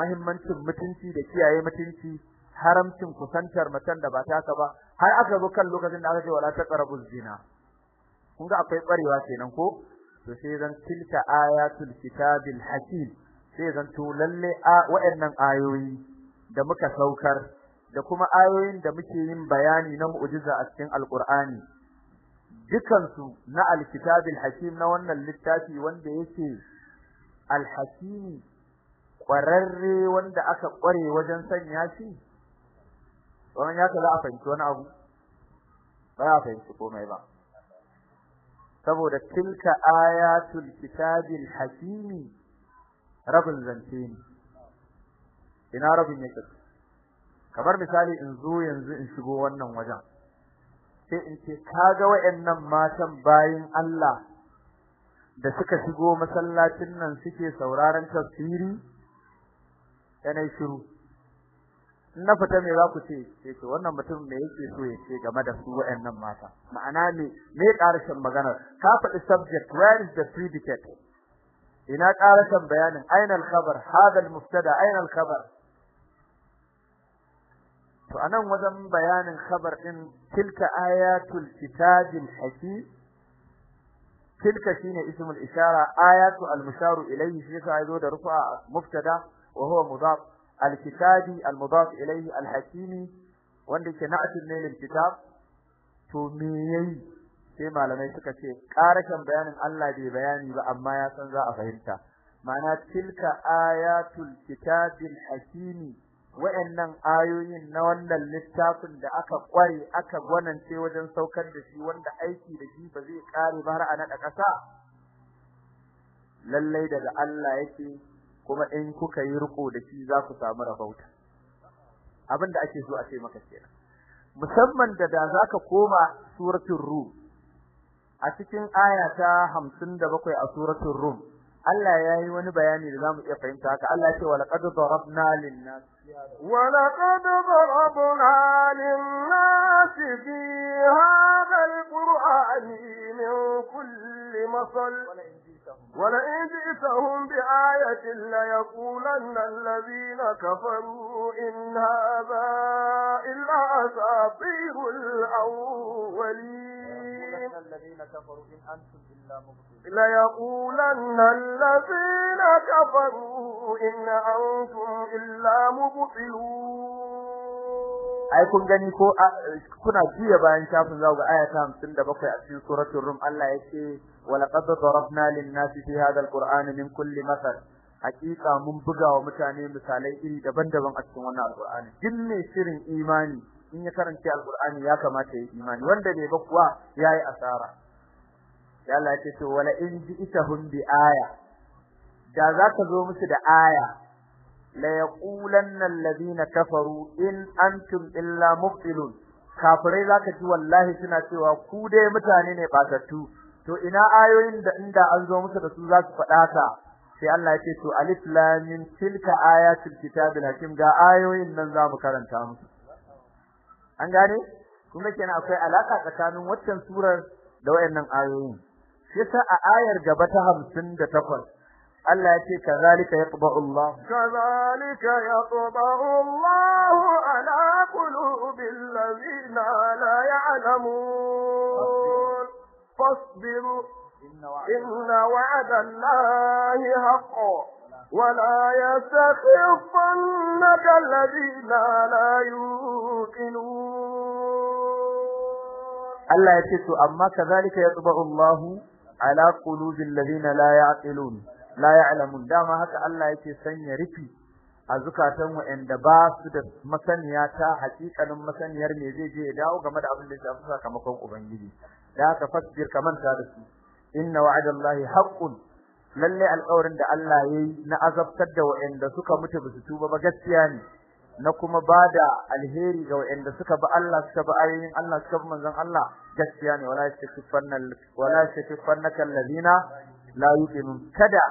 muhimmancin mutunci da kiyaye mutunci haramcin kusantar matan da ba ka ba har aka zo kan lokacin da aka ce wala taqrabu zina kun ga akwai kwarewa kenan ko to sai zan tilka ayatul kitabil hakim sai zan to lalle waɗannan ayoyi da muka saukar da kuma ayoyin da muke yin bayani na mu'jiza a cikin alqur'ani dukansu na alkitabil hakim na wannan littafi wanda yake alhakimi kwararre wanda aka kware wajen sanya shi wannan ya kaza a fahimci wani abu ba a fahimci komai ba saboda tilka ayatul kitabil hakimi rabin zance ne ina rabin yake kamar misali in zo yanzu in shigo wannan wajen sai in ce kaga wayannan matan bayin Allah da suka shigo masallacin nan suke sauraron tafsiri yana shiru na fita me za ku ce sai to wannan mutum me yake so ya ce game da su wayannan mata ma'ana ne me karshen maganar ka faɗi subject where is the predicate ina karshen bayanin aina al-khabar hada al-mubtada aina al-khabar to anan wajen bayanin khabar din tilka ayatul al hakim tilka shine ismul ishara ayatu al-musharu ilayhi shi ka zo da rufa mubtada wa huwa mudaf alkitabi almudaf ilayhi alhakimi wanda ke na'atul ne lil to me yayi sai malamai suka ce karashin bayanin Allah bai bayani ba amma ya san za a fahimta ma'ana tilka ayatul kitabil hakimi wa'annan ayoyin na wannan littafin da aka kware aka gwanance wajen saukar da shi wanda aiki da shi ba zai kare ba har a nada kasa lallai daga Allah yake kuma in kuka yi riko da shi za ku samu rabauta abinda ake so a ce maka kenan musamman da da zaka koma suratul rum a cikin aya ta 57 a suratul rum Allah yayi wani bayani da zamu iya fahimta haka Allah ce walaqad darabna lin-nas walaqad darabna lin-nas fi hadha alqur'ani min kulli masal ولئن جئتهم بآية ليقولن الذين كفروا إن هذا إلا أساطير الأولين الذين كفروا إن أنتم إلا ليقولن الذين كفروا إن أنتم إلا مبطلون ai kun gani ko kuna jiya bayan shafin zaku ga aya ta 57 a cikin suratul rum Allah ولقد ضربنا للناس في هذا القرآن من كل مثل حقيقة من بغاوة متاني مثالي إلي دبن دبن أتكون القرآن جمي سر إيماني in ya karanta alqur'ani ya kamata ya yi imani wanda bai ba kuwa yayi asara ya Allah ya ce wala in ji'tahum bi aya da zaka zo musu da aya la yaqulanna alladhina kafaru in antum illa mubtilun kafirai zaka ji wallahi suna cewa ku dai mutane ne batattu to ina ayoyin da inda an zo musu da su za su faɗa ta sai Allah ya ce to alif lam mim tilka ayatul kitabil hakim ga ayoyin nan za mu karanta musu an gane kuma kenan akwai alaka tsakanin waccan surar da wayannan ayoyin Sai sa a ayar gaba ta 58 Allah ya ce kazalika yaqba'u Allah kazalika yaqba'u Allah ala qulubil ladina la ya'lamun فاصبر إن وعد الله حق ولا يستخفنك الذين لا يوقنون الله يتسو أما كذلك يطبع الله على قلوب الذين لا يعقلون لا يعلمون دام هكا الله يتسن يرفي a zukatan إن دباس su da حقيقة ta يرمي زي me zai je ya dawo game da abin da da ka fasbir kaman ta da su inna wa'adallahi haqqun lalle alƙawarin da Allah yayi na azabtar da wa'anda suka mutu bisu tuba ba gaskiya ne na kuma bada alheri ga wa'anda suka ba Allah suka ba ayoyin Allah suka ba manzon Allah gaskiya ne wala yastakifanna wala kan alladhina la yuqinun kada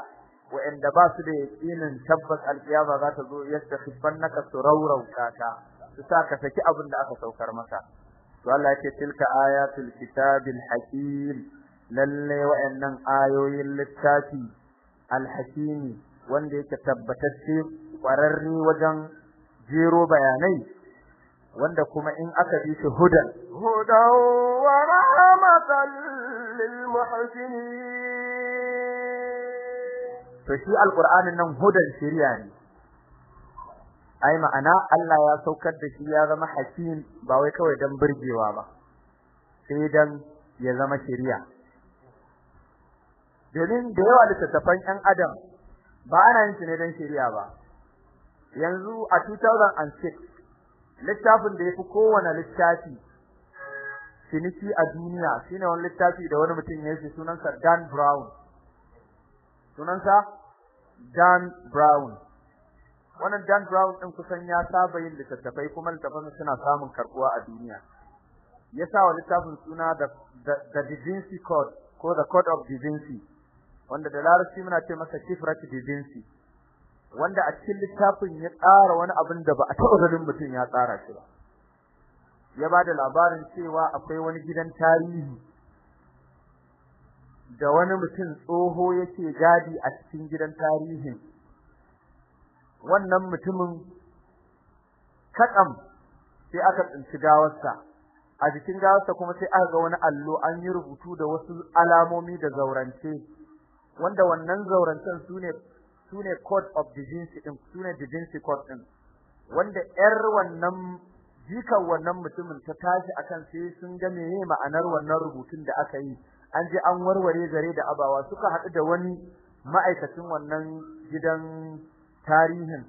wa'anda ba su da yaqinin tabbas alqiyama za ta zo ka surawrauka kaka su sa ka saki abin da aka saukar maka to Allah yake tilka ayatul kitabil hakim lalle wa'annan ayoyin littafi alhakimi wanda yake tabbatacce kwararre wajen jero bayanai wanda kuma in aka bi shi hudan hudan wa rahmatan lil muhsinin to shi alqur'anin nan hudan shirya ne ai ma'ana Allah ya saukar da shi ya zama hakim ba wai kawai dan burgewa ba sai dan ya zama shari'a domin da yawa littattafan 'yan adam ba ana yin su ne dan shari'a ba yanzu a 2006 littafin da yafi kowane littafi ciniki a duniya shine wani littafi da wani mutum ya yi sunansa Dan Brown sunansa Dan Brown wannan Dan Brown din kusan ya saba yin littattafai kuma littattafan suna samun karbuwa a duniya ya sa wa littafin suna da the Divinity Code ko the Code of Divinity, wanda da larabci muna ce masa Shifrat divinity wanda a cikin littafin ya tsara wani abin da ba a taɓa ganin mutum ya tsara shi ba ya ba da labarin cewa akwai wani gidan tarihi da wani mutum tsoho yake gadi a cikin gidan tarihin wannan mutumin katsam sai aka tsinci gawarsa a jikin gawarsa kuma sai aka ga wani allo an yi rubutu da wasu alamomi da zaurance wanda wannan zaurancen sune sune code of divinity din sune divinity code din wanda yar wannan jikan wannan mutumin ta tashi akan sai sun ga meye ma'anar wannan rubutun da aka yi an je an warware gare da abawa suka haɗu da wani ma'aikacin wannan gidan tarihin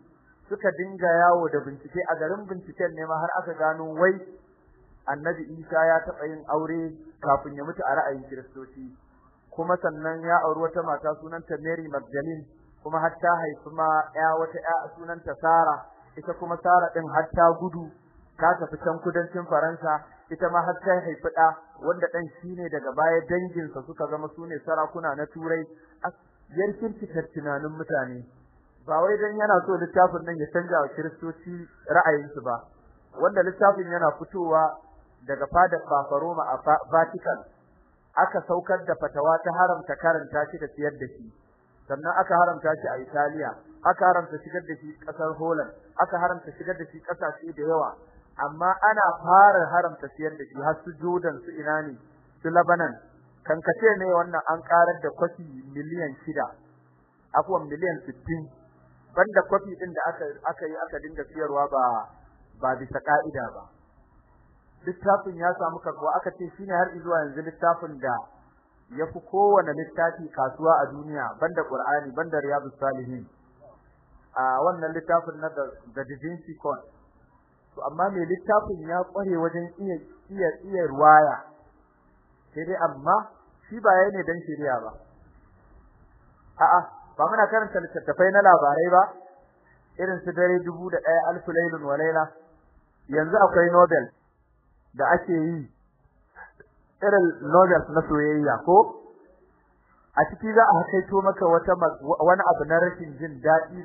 suka dinga yawo da bincike a garin binciken ne ma har aka gano wai annabi Isa ya taɓa yin aure kafin ya mutu a ra'ayin kiristoci kuma sannan ya auri wata mata sunanta Mary Magdalene kuma har ta haifi ma ya wata ya sunanta Sara ita kuma Sara din har ta gudu ta tafi can kudancin Faransa ita ma har ta haifi da wanda dan shine daga baya danginsa suka zama sune sarakuna na Turai yarkin cikar tunanin mutane ba wai dan yana so littafin nan ya canja wa kiristoci ra'ayinsu ba wanda littafin yana fitowa daga fadar bafaroma a Vatican aka saukar da fatawa ta haramta karanta shi da siyar da shi sannan aka haramta shi a Italiya aka haramta shigar da shi kasar Holland aka haramta shigar da shi kasashe da yawa amma ana fara haramta siyar da shi har su Jordan su ina ne su Lebanon kankace ne wannan an karar da kwashi miliyan 6 akwai miliyan 60 banda kofi din da aka aka yi aka dinga siyarwa ba ba bisa ka'ida ba littafin ya samu karbuwa aka ce shine har zuwa yanzu littafin da ya fi kowane littafi kasuwa a duniya banda Qur'ani banda Riyadus Salihin a wannan littafin na da Da Vinci Code to amma me littafin ya kware wajen iya iya iya ruwaya sai dai amma shi ba yana dan shari'a ba a'a ba muna karanta littattafai na labarai ba irin su dare dubu ɗaya alfu lailun wa laila yanzu akwai nobel da ake yi irin nobel na soyayya ko a ciki za a kaito maka wani abu na rashin jin daɗi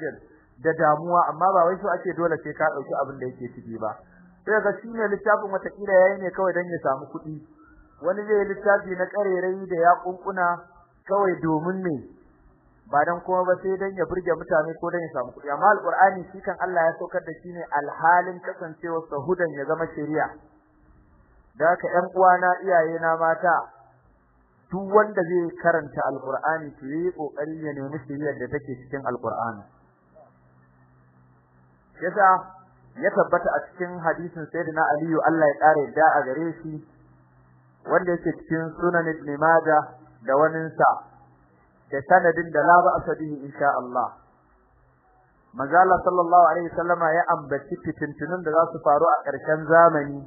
da damuwa amma ba wai so ake dole sai ka ɗauki abin da yake ciki ba sai ga ne littafin wata ya yi ne kawai don ya samu kuɗi wani zai yi littafi na karerai da ya ƙunƙuna kawai domin ne ba dan kuma ba sai dan ya burge mutane ko dan ya samu kuɗi amma alqur'ani shi kan Allah ya saukar da shi ne alhalin kasancewa sahudan ya zama shari'a da haka ƴan uwana iyaye na mata duk wanda zai karanta alqur'ani to yi kokari ya nemi shari'ar da take cikin alqur'ani yasa ya tabbata a cikin hadisin sayyidina aliyu Allah ya kare da a gare shi wanda yake cikin sunan ibn majah da waninsa da sanadin da la ba'sa bihi insha Allah Magala sallallahu alaihi wasallama ya ambaci fitintunun da za su faru a ƙarshen zamani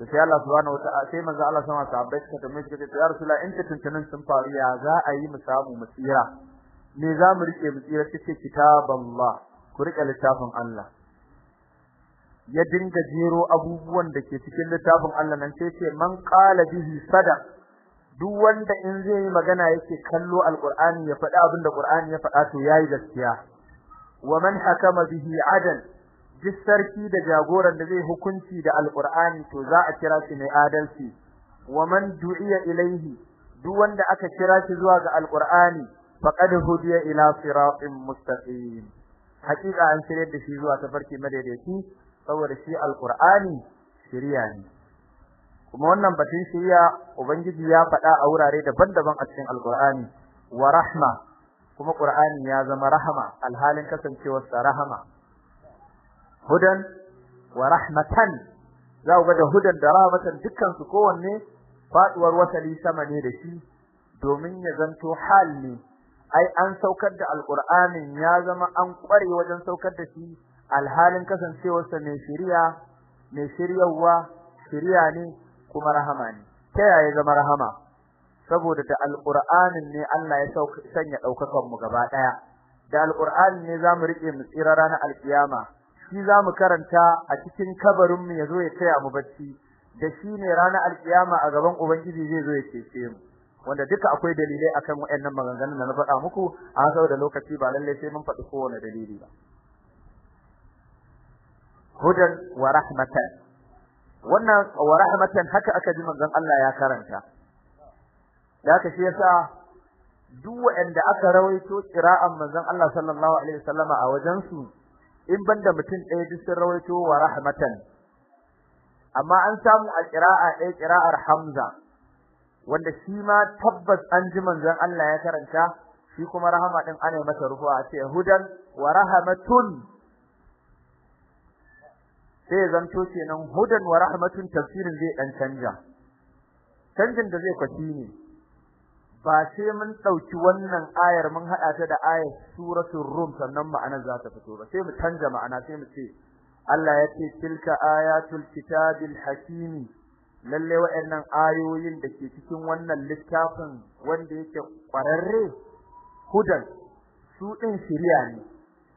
to sai Allah subhanahu wataala sai manzo Allah sama sahabbai suka tambaye Ta ya rasulullah in fitintunun sun faru ya za a yi mu samu mu tsira me za mu rike mu tsira kace kitaballah ku rike littafin Allah ya dinga jero abubuwan da ke cikin littafin Allah nan sai ce man qala bihi sadaq duk wanda in zai yi magana yake kallo alqur'ani ya faɗi abinda qur'ani ya faɗa to yayi gaskiya wa man hakama bihi adal duk sarki da jagoran da zai hukunci da alqur'ani to za a kira shi mai adalci wa man du'iya ilaihi duk wanda aka kira shi zuwa ga alqur'ani faqad hudiya ila siratin mustaqim hakika an shirye da shi zuwa tafarki madaidaici saboda shi alqur'ani shiriya ne kuma wannan batun shiriya ubangiji ya faɗa a wurare daban-daban a cikin alqur'ani wa rahma kuma qur'ani ya zama rahama alhalin kasancewar sa rahama hudan wa rahmatan za ku ga da hudan da rahmatan dukkan su kowanne faduwar wasali sama ne da shi domin ya zanto hali ai an saukar da alqur'anin ya zama an kware wajen saukar da shi alhalin kasancewar sa ne shiriya ne shiryawa shiriya ne kuma rahama ne ta yaya zama rahama saboda da alqur'anin ne Allah ya sanya daukakan mu gaba daya da alqur'anin ne zamu rike mu tsira ranar alkiyama shi zamu karanta a cikin kabarin mu yazo ya taya mu bacci da shi ne ranar alkiyama a gaban ubangiji zai zo ya cece mu wanda duka akwai dalilai akan wayannan maganganun da na faɗa muku a saboda lokaci ba lalle sai mun faɗi kowane dalili ba hudan wa rahmatan wannan wa rahmatan haka aka ji manzon Allah ya karanta da haka shi yasa duk wanda aka rawaito qira'an manzon Allah sallallahu alaihi wasallama a wajen su in banda mutum ɗaya duk sun rawaito wa rahmatan amma an samu a qira'a ɗaya qira'ar Hamza wanda shi ma tabbas an ji manzon Allah ya karanta shi kuma rahama din ana masa a ce hudan wa rahmatun sai zanto kenan hudan wa rahmatun tafsirin zai dan canja canjin da zai kwaci ne ba sai mun dauki wannan ayar mun hada ta da ayar suratul rum sannan ma'ana za ta fito ba sai mu canja ma'ana sai mu ce Allah ya ce tilka ayatul kitabil hakimi lalle waɗannan ayoyin da ke cikin wannan littafin wanda yake kwararre hudan su din shiriya ne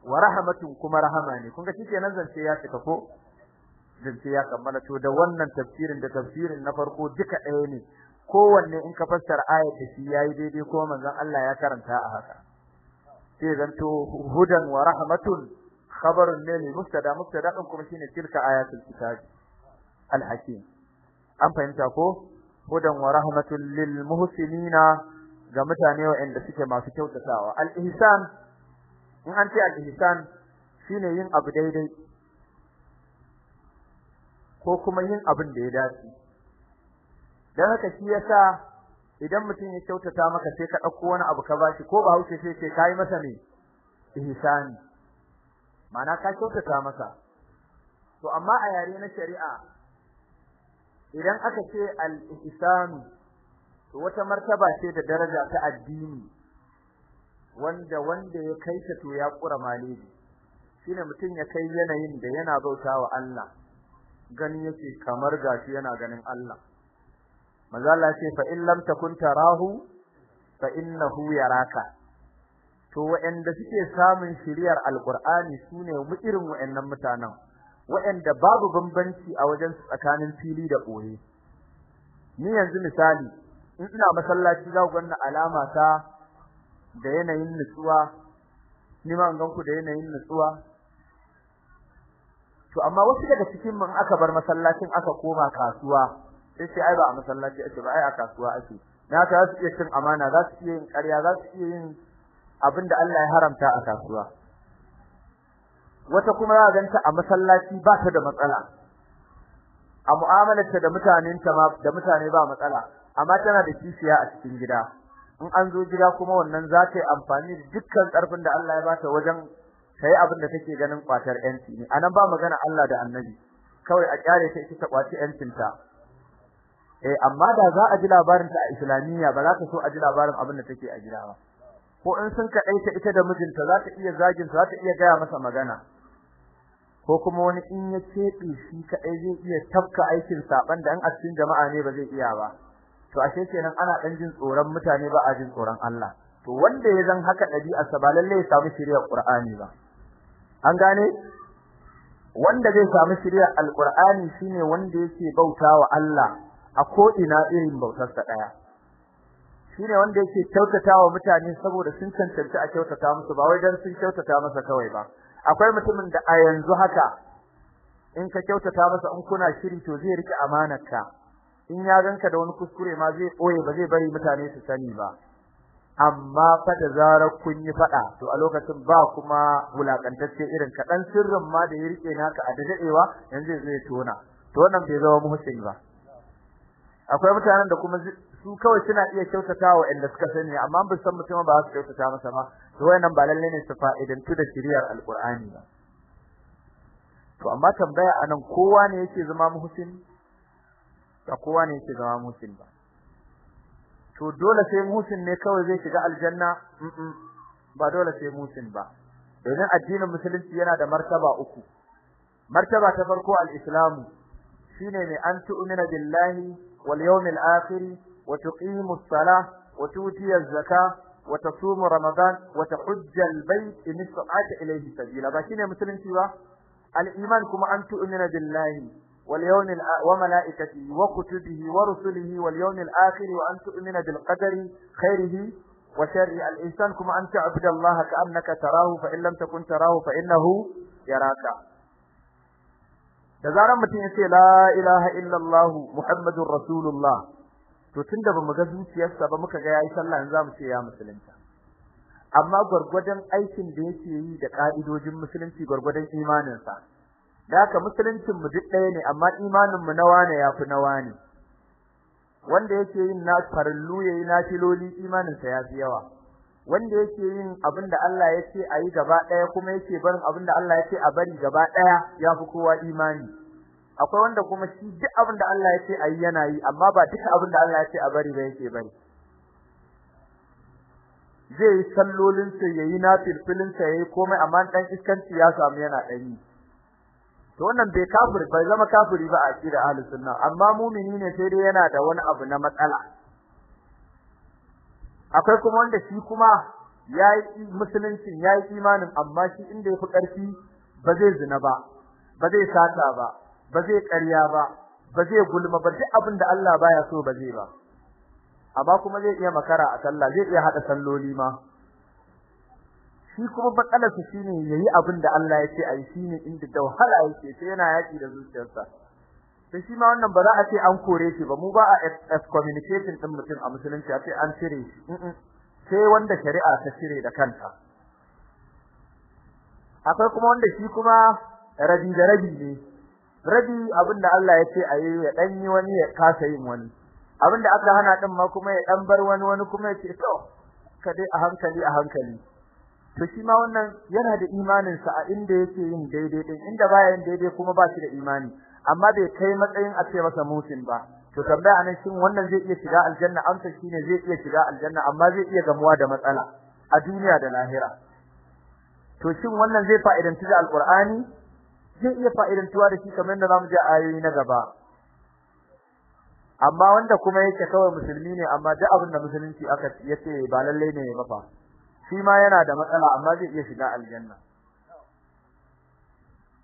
wa rahmatun kuma rahama ne kun ga shi kenan zance ya cika ko sai ya kammala to da wannan tafsirin da tafsirin na farko duka ɗaya ne kowanne in ka fassara ayat da shi yayi daidai ko manzon Allah ya karanta a haka sai to hudan wa rahmatun khabarun ne li mustada mustada din kuma shine tilka ayatul kitab al hakim an fahimta ko hudan wa rahmatul lil muhsinina ga mutane waɗanda suke masu kyautatawa al ihsan in an ce al ihsan shine yin abu daidai ko kuma yin abin da ya dace dan haka shi yasa idan mutum ya kyautata maka sai ka dauko wani abu ka bashi ko ba hauce sai ce kai masa ne ihsani mana ka kyautata masa to amma a yare na shari'a idan aka ce al-ihsanu to wata martaba ce da daraja ta addini wanda wanda ya kai ta to ya kura maleji shine mutum ya kai yanayin da yana bautawa Allah gani yake kamar gashi yana ganin Allah manzo Allah ce fa in lam takun tarahu fa innahu yaraka to waɗanda suke samun shiriyar alqur'ani sune irin waɗannan mutanen waɗanda babu bambanci a wajen tsakanin fili da boye ni yanzu misali in ina masallaci za ku alama ta da yanayin nutsuwa ni ma ganku da yanayin nutsuwa to amma wasu daga cikin mun aka bar masallacin aka koma kasuwa sai sai ai ba a masallaci ake ba ai a kasuwa ake na ta su iya cin amana za su iya yin ƙarya za su iya yin abinda Allah ya haramta a kasuwa wata kuma za ganta a masallaci ba ta da matsala a mu'amalarta da mutanen ta da mutane ba matsala amma tana da kishiya a cikin gida in an zo gida kuma wannan za ta yi amfani da dukkan ƙarfin da Allah ya bata wajen ta yi abin da take ganin kwatar yanci ne anan ba magana Allah da annabi kawai a kyare ta ita ta yancin ta eh amma da za a ji labarin ta a islamiyya ba za ka so a ji labarin abin da take a gida ba ko in sun kaɗai ta ita da mijinta za ta iya zagin za ta iya gaya masa magana ko kuma wani in ya cebe shi kaɗai zai iya tafka aikin saban da an asin jama'a ne ba zai iya ba to ashe kenan ana dan jin tsoron mutane ba a jin tsoron Allah to wanda ya zan haka dabi'arsa ba lalle ya samu shiriyar Qur'ani ba an gane wanda zai samu shirya alqur'ani shine wanda yake bautawa Allah a ko ina irin bautar sa daya shine wanda yake kyautatawa mutane saboda sun cancanci a kyautata musu ba wai dan sun kyautata masa kawai ba akwai mutumin da a yanzu haka in ka kyautata masa in kuna shiri to zai rike ka, in ya ganka da wani kuskure ma zai boye ba zai bari mutane su sani ba amma fa da zarar kun yi fada to a lokacin ba kuma wulakantacce irin kadan sirrin ma da ya rike naka a dadewa yanzu zai tona to wannan bai zama muhsin ba akwai mutanen da kuma su kawai suna iya kyautatawa inda suka sani amma ba san mutum ba su kyautata masa ba to wannan ba lalle ne su fa'idantu da shiriyar alqur'ani ba to amma tambaya anan kowa ne yake zama muhsin ta kowa ne yake zama muhsin ba to dole sai musin ne kawai zai shiga aljanna ba dole sai musin ba Idan addinin musulunci yana da martaba uku martaba ta farko al-islamu shine mai an tu'mina billahi wal yawmil akhir wa tuqimu as-salah wa tuti zakah wa ramadan wa tahujja al-bayt in istata ilayhi sabila ba shine musulunci ba al-iman kuma an tu'mina billahi واليوم وملائكته وكتبه ورسله واليوم الآخر وأن تؤمن بالقدر خيره وشره الإنسان كما أن تعبد الله كأنك تراه فإن لم تكن تراه فإنه يراك da zarar mutum yace la ilaha illa allah muhammadur rasulullah to tunda ba mu ga zuciyarsa ba muka ga yayi sallah yanzu mu ce ya musulunta amma gurgurdan aikin da yake yi da ƙa'idojin musulunci gurgurdan imaninsa. da haka musuluncin mu duk ɗaya ne amma imanin mu nawa ne yafi nawa ne wanda yake yin na farallu yayi na filoli imanin sa yafi yawa wanda yake yin abinda Allah ya ce ayi gaba ɗaya kuma yake barin abinda Allah ya ce a bari gaba ɗaya yafi kowa imani akwai wanda kuma shi duk abinda Allah ya ce ayi yana yi amma ba duka abinda Allah ya ce a bari ba yake bari zai yi sallolin sa yayi na filfilin sa yayi komai amma dan iskanci ya samu yana ɗani. to wannan bai kafiri bai zama kafiri ba a cikin ahlus sunna amma mumini ne sai dai yana da wani abu na matsala akwai kuma wanda shi kuma yayi musulunci yayi imanin amma shi inda yafi karfi ba zai zina ba ba zai sata ba ba zai ƙarya ba ba zai gulma ba duk abin da Allah baya so ba zai ba amma kuma zai iya makara a sallah zai iya hada salloli ma shi kuma ne shine yayi abin da Allah ya ce ai shine inda da wahala yake sai yana yaki da zuciyarsa sai shi ma wannan ba za a ce an kore shi ba mu ba a excommunication din mutum a musulunci a ce an cire shi sai wanda shari'a ta cire da kanta akwai kuma wanda shi kuma rabi da rabi ne rabi abin da Allah ya ce ayi ya yi wani ya kasa yin wani Abin da Allah hana din ma kuma ya ɗan bar wani wani kuma ya ce to ka dai a hankali a hankali to shi ma wannan yana da imanin sa a inda yake yin daidai din inda baya yin daidai kuma ba shi da imani amma bai kai matsayin a ce masa musin ba to tambaya anan shin wannan zai iya shiga aljanna amsa shine zai iya shiga aljanna amma zai iya gamuwa da matsala a duniya da lahira to shin wannan zai fa'idantu da alqur'ani zai iya fa'idantuwa da shi kamar yadda zamu ji ayoyi na gaba amma wanda kuma yake kawai musulmi ne amma duk abin da musulunci aka yace ba lalle ne ba fa shi ma yana da matsala amma zai iya shiga aljanna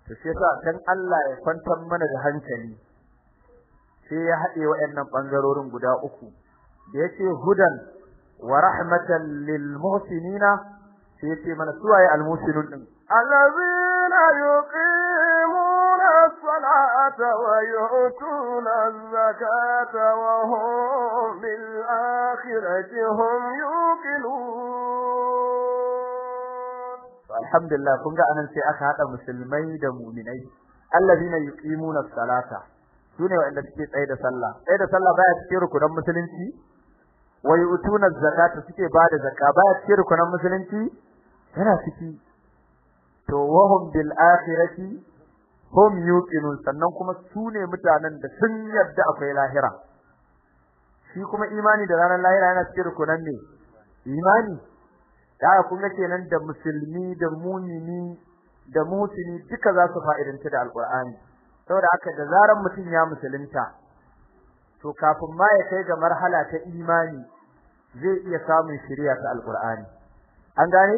to sai sa dan Allah ya kwantar mana da hankali sai ya haɗe waɗannan bangarorin guda uku da yake hudan wa rahmatan lil muhsinina sai yake mana suwaye al muhsinun din allazina الصلاة ويؤتون الزكاة وهم بالآخرة هم يوقنون الحمد لله كنت أنا في أخذ مسلمين دمومني الذين يقيمون الصلاة دوني وإن تكيت أيدا صلى أيدا صلى باية تكيرك ونم مسلمتي ويؤتون الزكاة سكي بعد زكاة بعد تكيرك ونم مسلمتي هنا سكي تو وهم بالآخرة hum yuqinun sannan kuma su ne mutanen da sun yarda akwai lahira shi kuma imani da ranar lahira yana cikin rukunan ne imani da kuma kenan da musulmi da mumini da mutuni duka za su fa'idanta da alqur'ani saboda haka da zaran mutum ya musulunta to kafin ma ya kai ga marhala ta imani zai iya samun shari'a ta alqur'ani an gane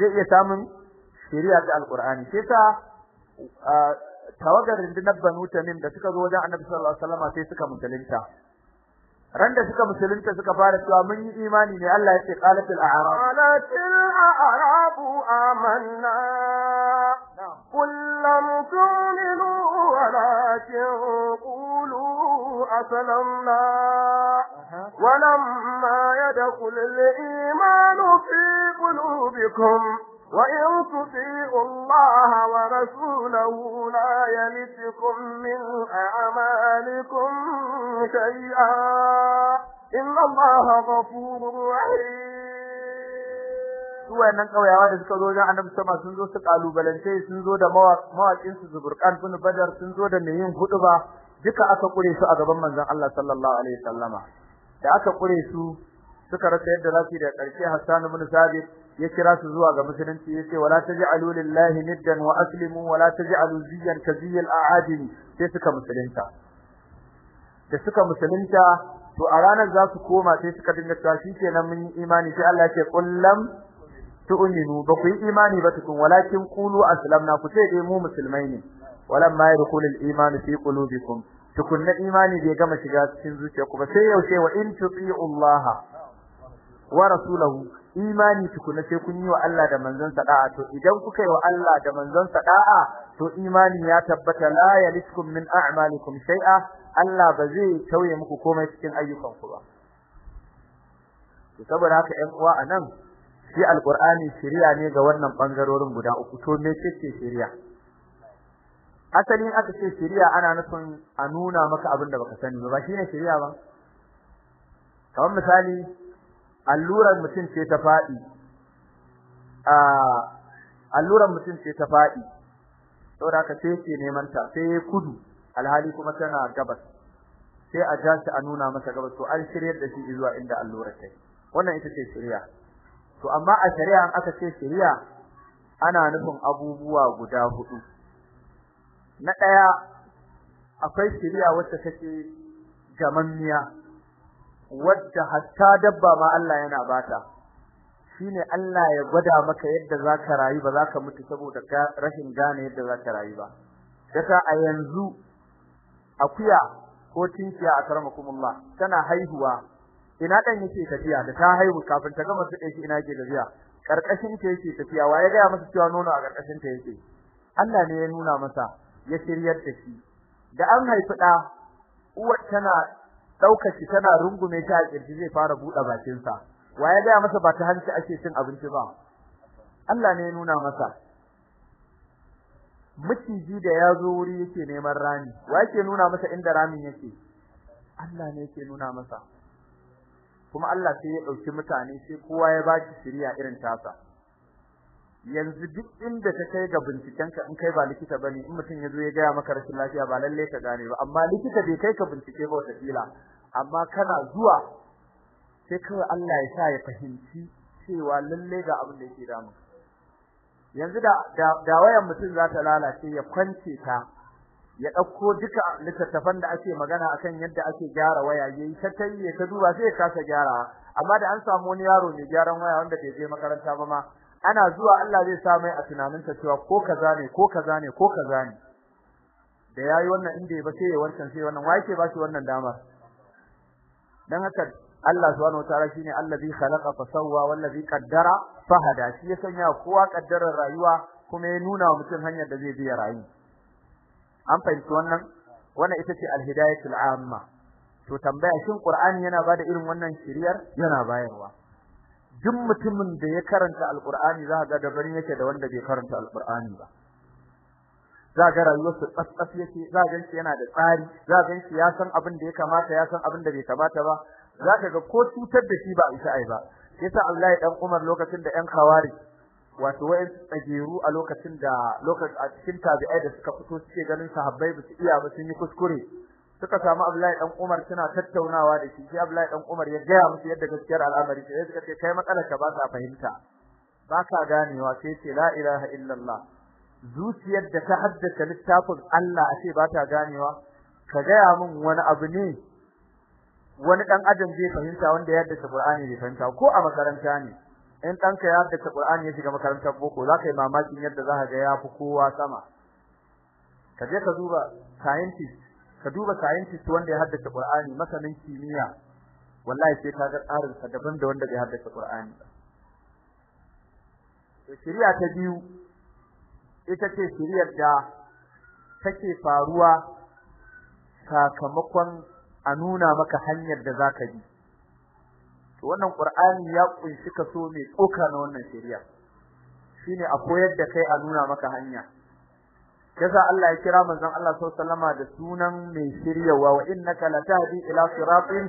zai iya samun shari'a ta alqur'ani sai ta tawagar rundunar Banu Tamim da suka zo wajen Annabi sallallahu alaihi wasallam sai suka musulunta ran da suka musulunta suka fara cewa mun yi imani ne Allah ya ce qalatil a'rab qalatil a'rab amanna kullam tu'minu walakin qulu aslamna walamma yadkhul al-iman fi qulubikum وإن تطيعوا الله ورسوله لا يلتكم من أعمالكم شيئا إن الله غفور رحيم wayannan kauyawa da suka zo wajen Annabi sama sun zo su kalubalance sun zo da mawakin su Zuburkan bin Badar sun zo da meyin huduba duka aka kure su a gaban manzon Allah sallallahu alaihi wasallama da aka kure su suka rasa yadda lafiya da karshe Hassan ibn Sabit ya kira su zuwa ga musulunci ce, wala taj'alu lillahi niddan wa aslimu wala taj'alu ziyyan kaziyil a'adim sai suka musulunta da suka musulunta to a ranar za su koma sai suka dinga cewa shikenan mun yi imani sai Allah ya ce kullam tu'minu ba ku yi imani ba tukun walakin qulu aslamna ku ce dai mu musulmai ne walamma al imanu fi qulubikum tukunna imani bai gama shiga cikin zuciyarku ba sai yaushe wa in tuti'u Allah wa rasulahu imani tukuna sai kun yi wa Allah da manzon sa da'a to idan kuka yi wa Allah da manzon sa da'a to imani ya tabbata la yaliskum min a'malikum shay'a Allah ba zai tauye muku komai cikin ayyukan ku ba to saboda haka ɗan uwa anan shi alqur'ani shiriya ne ga wannan bangarorin guda uku to me ce shiriya asalin aka ce shiriya ana nufin a nuna maka abin da baka sani ba shine shiriya ba kamar misali allurar mutum ce ta faɗi allurar mutum ce ta fadi saboda ka sai ce neman ta sai kudu alhali kuma tana gabas sai a ja shi a nuna masa gabas to an shiryar da shi zuwa inda allurar ta wannan ita ce shari'a to amma a shari'a an aka ce shari'a ana nufin abubuwa guda hudu na daya akwai shari'a wacce take jamammiya wadda hatta dabba ma Allah yana bata shine Allah ya gwada maka yadda zaka rayu ba zaka mutu saboda rashin gane yadda zaka rayu ba kasa a yanzu akuya ko tinkiya a karamakumullah tana haihuwa ina dan yake tafiya da ta haihu kafin ta gama tsaye shi ina yake tafiya karkashin ta yake tafiya waye ga masa cewa nono a karkashin ta yake Allah ne ya nuna masa ya shiryar da shi da an haifi da uwar tana daukar shi tana rungume ta a kirji zai fara buɗe bakin sa waye ga masa ba ta hanci ake cin abinci ba Allah ne ya nuna masa miciji da yazo wuri yake neman rami wa ke nuna masa inda ramin yake Allah ne yake nuna masa kuma Allah sai ya dauki mutane sai kowa ya ba shi shiriya irin tasa yanzu duk inda ka kai ga bincikenka in kai ba likita bane in mutum yazo ya ga maka rashin lafiya ba lalle ka gane ba amma likita bai kai ka bincike ba wata kila amma kana zuwa sai kawai Allah ya sa ya fahimci cewa lalle ga abin da yake damu yanzu da da wayan mutum za ta lalace ya kwance ta ya dauko duka littattafan da ake magana akan yadda ake gyara waya yayi ta tayi ta duba sai ya kasa gyara amma da an samu wani yaro mai gyaran waya wanda bai je makaranta ba ma ana zuwa Allah zai sa mai a tunaninta cewa ko kaza ne ko kaza ne ko kaza ne da yayi wannan inda ya bace wancan sai wannan wai ke ba shi wannan damar dan haka Allah subhanahu wataala shine allazi khalaqa fa sawwa wallazi qaddara fa hada shi ya sanya kowa kaddarar rayuwa kuma ya nuna wa mutum hanyar da zai bi ya rayu an fahimci wannan wannan ita ce alhidayatul amma to tambaya shin qur'ani yana bada irin wannan shiriyar yana bayarwa duk mutumin da ya karanta alqur'ani za ga dabarin yake da wanda bai karanta alqur'ani ba za ga rayuwarsa tsatsaf yake za ga shi yana da tsari za ga shi ya san abin da ya kamata ya san abin da bai kamata ba za ka ga ko cutar da shi ba a isa ai ba yasa Allah ya dan Umar lokacin da 'yan khawari wato wai tsageru a lokacin da lokacin a cikin tabi'ai da suka fito suke ganin sahabbai ba su iya ba sun yi kuskure suka samu Abdullahi dan Umar suna tattaunawa da shi sai Abdullahi dan Umar ya gaya musu yadda gaskiyar al'amari sai suka ce kai matsalar ka ba ka fahimta ba ka ganewa sai ce la ilaha illallah zuciyar da ta haddace littafin Allah a ce ba ta ganewa ka gaya min wani abu ne wani dan adam zai fahimta wanda ya ta Qur'ani zai fahimta ko a makaranta ne in ɗanka ya ta Qur'ani ya shiga makarantar boko za ka yi mamakin yadda za ka ga ya fi kowa sama ka je ka duba scientist ka duba scientist wanda ya haddace Qur'ani masanin kimiyya wallahi sai kaga tsarin sa daban da wanda ya haddace Qur'ani ba to shari'a ta biyu ita ce shari'ar da take faruwa sakamakon a nuna maka hanyar da zaka bi to wannan Qur'ani ya kunshi kaso mai tsoka na wannan shari'a shine a koyar kai a nuna maka hanya yasa Allah ya kira manzon Allah sallallahu da sunan mai shiryawa wa innaka la tahdi ila siratin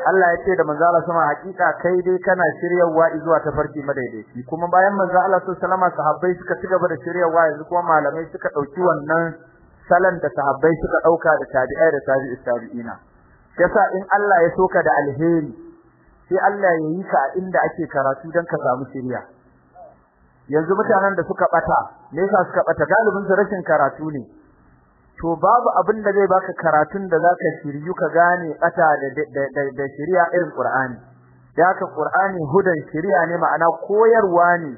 Allah ya ce da manzon Allah sama hakika kai dai kana shiryawa zuwa tafarki madaidaici kuma bayan manzon Allah sallallahu alaihi sahabbai suka ci da shiryawa yanzu kuma malamai suka dauki wannan salan da sahabbai suka dauka da tabi'ai da tabi'i tabi'ina yasa in Allah ya soka da alheri sai Allah ya yi ka a inda ake karatu dan ka samu shiriya yanzu mutanen da suka bata me yasa suka bata galibin su rashin karatu ne to babu abin da zai baka karatun da zaka shiryu ka gane bata da da shiriya irin Qur'ani da ka Qur'ani hudan shiriya ne ma'ana koyarwa ne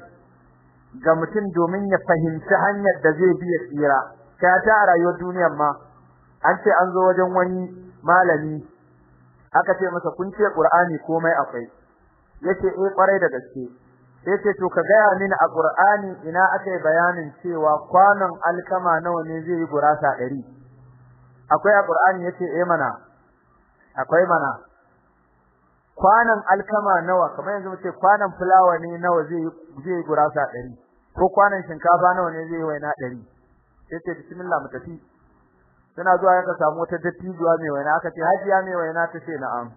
ga mutum domin ya fahimci hanyar da zai bi ya tsira ta ta rayuwar duniyar ma an ce an zo wajen wani malami aka ce masa kun ce Qur'ani komai akwai yace eh kwarai da gaske sai ce to ka gaya mini a Qur'ani ina akai bayanin cewa kwanon alkama nawa ne zai yi gurasa 100 akwai a Qur'ani yace eh mana akwai mana kwanan alkama nawa kamar yanzu muke kwanan fulawa ne nawa zai zai gurasa 100 ko kwanan shinkafa nawa ne zai yi waina 100 sai ce bismillah mu tafi tana zuwa aka samu wata dattijuwa mai waina aka ce hajiya mai waina ta ce na'am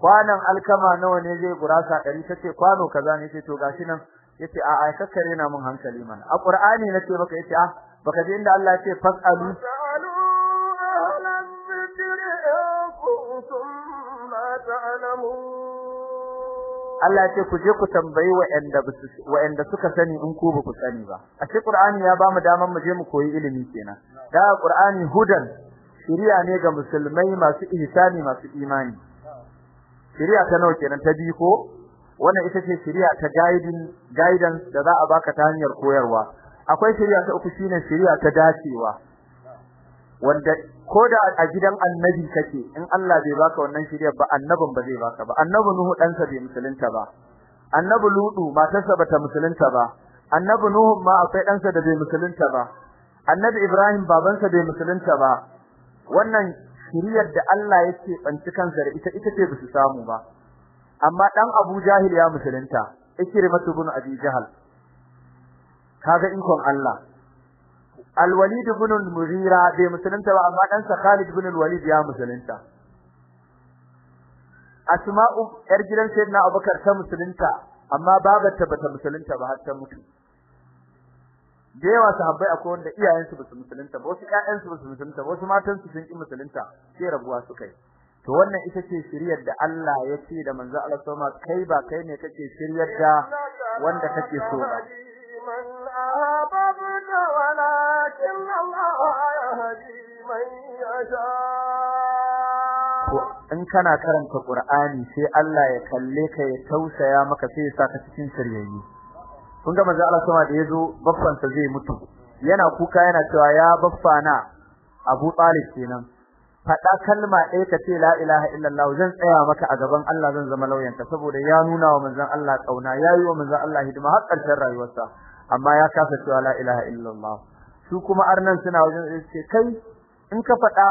kwanan alkama nawa ne zai gurasa 100 tace kwano kaza ne ce to gashi nan yace a a kakkare na mun hankali mana a qur'ani nace maka yace a ah, baka ji inda Allah yace fasalu Allah yace ku je ku tambayi wa'anda wa'anda suka sani in ku ba ku sani ba a cikin qur'ani ya ba mu daman mu je mu koyi ilimi kenan da Qur'ani hudan shiriya ne ga musulmai masu ihsani masu imani shiriya ta nawa kenan ta bi ko wannan ita ce shiriya ta guiding guidance da za a baka ta hanyar koyarwa akwai shiriya ta uku shine shiriya ta dacewa wanda koda a gidan annabi kake in Allah bai baka wannan shiriya ba annabin ba zai baka ba annabi Nuhu dan sa bai musulunta ba annabi Ludu matarsa bata musulunta ba annabi Nuhu ma akwai dan sa da bai musulunta ba annabi Ibrahim babansa bai musulunta ba wannan shiriyar da Allah yake banci kansa da ita ita ce bisu samu ba amma dan Abu Jahil ya musulunta ikrimatu bin Abi Jahal kaga ikon Allah Al-Walid ibn al-Mughira bai musulunta ba amma dan sa Khalid ibn al-Walid ya musulunta Asma'u yar gidan Sayyidina Abubakar ta musulunta amma babarta bata musulunta ba har ta mutu da yawa sahabbai akwai wanda iyayensu ba su musulunta ba wasu ƴaƴansu ba su musulunta ba wasu matansu sun ki musulunta sai rabuwa suka yi to wannan ita ce shiryar da Allah ya ce da manzo Allah sama kai ba kai ne kake shiryar da wanda kake so ba in kana karanta Qur'ani sai Allah ya kalle ka ya tausaya maka sai ya saka cikin shiryayye kun ga manzo Allah sama da yazo baffan sa zai mutu yana kuka yana cewa ya baffa na Abu Talib kenan fada kalma ɗaya kace la ilaha illallah zan tsaya maka a gaban Allah zan zama lauyan ka. saboda ya nuna wa manzon Allah kauna yayi wa manzon Allah hidima har ƙarshen rayuwarsa amma ya kasa cewa la ilaha illallah su kuma arnan suna wajen ce kai in ka fada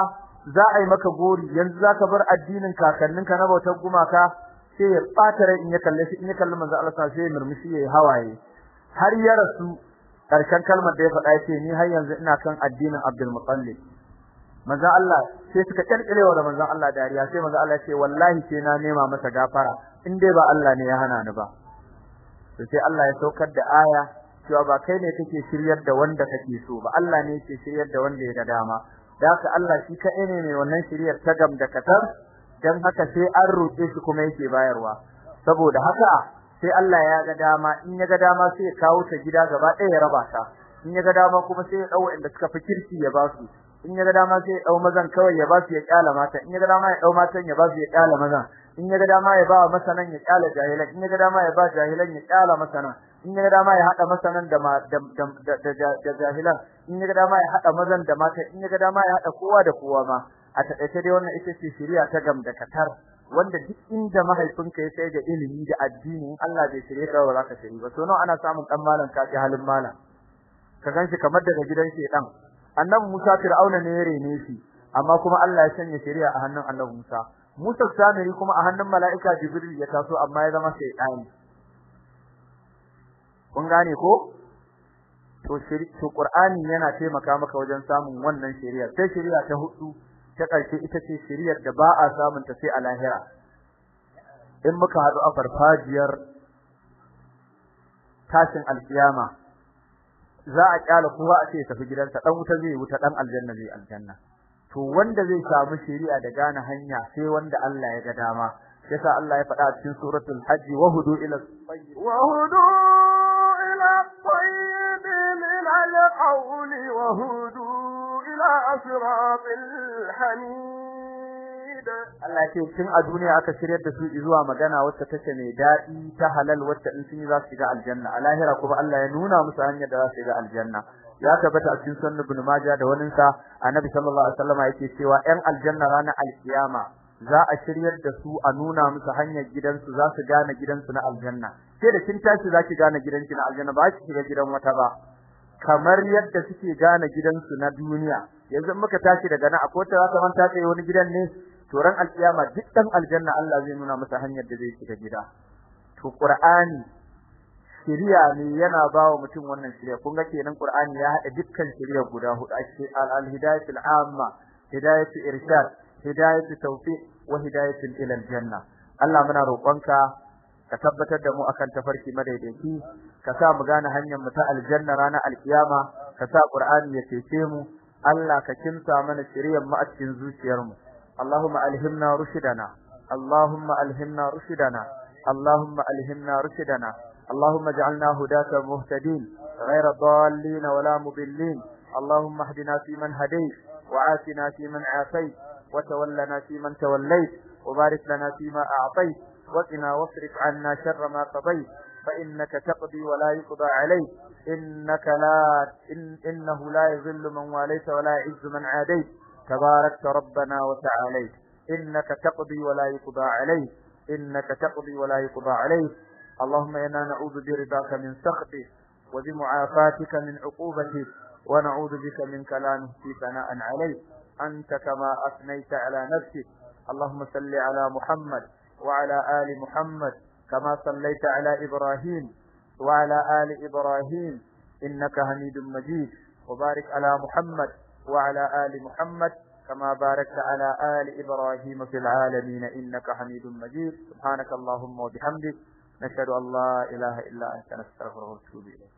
za a yi maka gori yanzu zaka bar addinin kakanninka na bautar gumaka sai ya bata rai in ya kalle shi in ya kalle manzon Allah sai ya murmushi ya hawaye har ya rasu karshen kalmar da ya faɗa yace ni har yanzu ina kan addinin Abdul Muttalib manzo Allah sai suka kirkirewa da manzo Allah dariya sai manzo Allah ce wallahi sai na nema masa gafara in dai ba Allah ne ya hana ni ba sai Allah ya saukar da aya cewa ba kai ne kake shiryar da wanda kake so ba Allah ne yake shiryar da wanda ya ga dama da haka Allah shi ka ne wannan shiryar ta gam da katar dan haka sai an roƙe shi kuma yake bayarwa saboda haka sai Allah ya ga dama in ya ga dama sai ya kawo ta gida gaba ɗaya ya raba ta in ya ga dama kuma sai ya dau inda suka fi kirki ya ba su in ya ga dama sai ya dau mazan kawai ya ba su ya kyala mata in ya ga dama ya dau matan ya ba su ya kyala mazan in ya ga dama ya ba masanan ya kyala jahilan in ya ga dama ya ba jahilan ya kyala masanan in ya ga dama ya hada masanan da da jahilan in ya ga dama ya hada mazan da mata in ya ga dama ya hada kowa da kowa ma a taƙaice dai wannan ita ce shari'a ta katar wanda duk inda mahaifinka ya sai da ilimi da addini Allah bai shirye ka ba za shiri ba so nawa ana samun dan malam ka halin malam ka ganshi kamar daga gidan shedan annabi Musa Fir'auna ne ya rene shi amma kuma Allah ya sanya shari'a a hannun annabi Musa Musa Samiri kuma a hannun mala'ika Jibril ya taso amma ya zama shaytani kun gane ko to to Qur'ani yana taimaka maka wajen samun wannan shari'a sai shari'a ta hudu ta ƙarshe ita ce shiriyar da ba a samun ta sai a lahira in muka haɗu a farfajiyar tashin alkiyama za a kyala kowa a ce ya tafi gidansa dan wuta zai wuta dan aljanna zai aljanna to wanda zai samu shari'a da gane hanya sai wanda Allah ya ga dama yasa Allah ya faɗa a cikin suratul hajj wa hudu ila wa hudu ila tayyib min al-qawli wa hudu ila siratil Allah ce tun a duniya aka shiryar da su zuwa magana wacce take mai dadi ta halal wacce in sun yi za su shiga aljanna a lahira kuma Allah ya nuna musu hanyar da za su shiga aljanna ya tabbata a cikin sunan ibn majah da wani sa annabi sallallahu alaihi wasallam yake cewa ɗan aljanna ranar alkiyama za a shiryar da su a nuna musu hanyar gidansu za su gane gidansu na aljanna sai da kin tashi za ki gane gidanki na aljanna ba ki shiga gidan wata ba kamar yadda suke gane gidansu na duniya yanzu muka tashi daga nan akwai ta zaka manta kai wani gidan ne to ran alkiyama duk dan aljanna Allah zai nuna masa hanyar da zai shiga gida to qur'ani shiriya ne yana ba wa mutum wannan shiriya kun ga kenan qur'ani ya hada dukkan shiriya guda hudu ake al-hidayatul amma hidayatul irshad hidayatul tawfiq wa hidayatul ila janna Allah muna roƙonka ka tabbatar da mu akan tafarki madaidaici ka sa mu gane hanyar mu ta aljanna ranar alkiyama ka sa qur'ani ya cece mu Allah ka kimsa mana shiriyar mu a cikin zuciyar mu Allahumma alhimna rushidana Allahumma alhimna rushidana Allahumma alhimna rushidana Allahumma ij'alna hudatan muhtadin ghayra dallin wala mudillin Allahumma ihdina fi man hadayt wa atina fi man afayt wa tawallana fi man tawallayt وبارك لنا فيما أعطيت وقنا واصرف عنا شر ما قضيت فإنك تقضي ولا يقضى عليك إنك لا إن إنه لا يذل من واليت ولا يعز من عاديت تباركت ربنا وتعاليت إنك تقضي ولا يقضى عليك إنك تقضي ولا يقضى عليك اللهم إنا نعوذ برضاك من سخطك وبمعافاتك من عقوبتك ونعوذ بك من كلامه في ثناء عليك أنت كما أثنيت على نفسك اللهم صل على محمد وعلى آل محمد كما صليت على إبراهيم وعلى آل إبراهيم إنك حميد مجيد وبارك على محمد وعلى آل محمد كما باركت على آل إبراهيم في العالمين إنك حميد مجيد سبحانك اللهم وبحمدك نشهد أن لا إله إلا أنت نستغفرك ونتوب إليك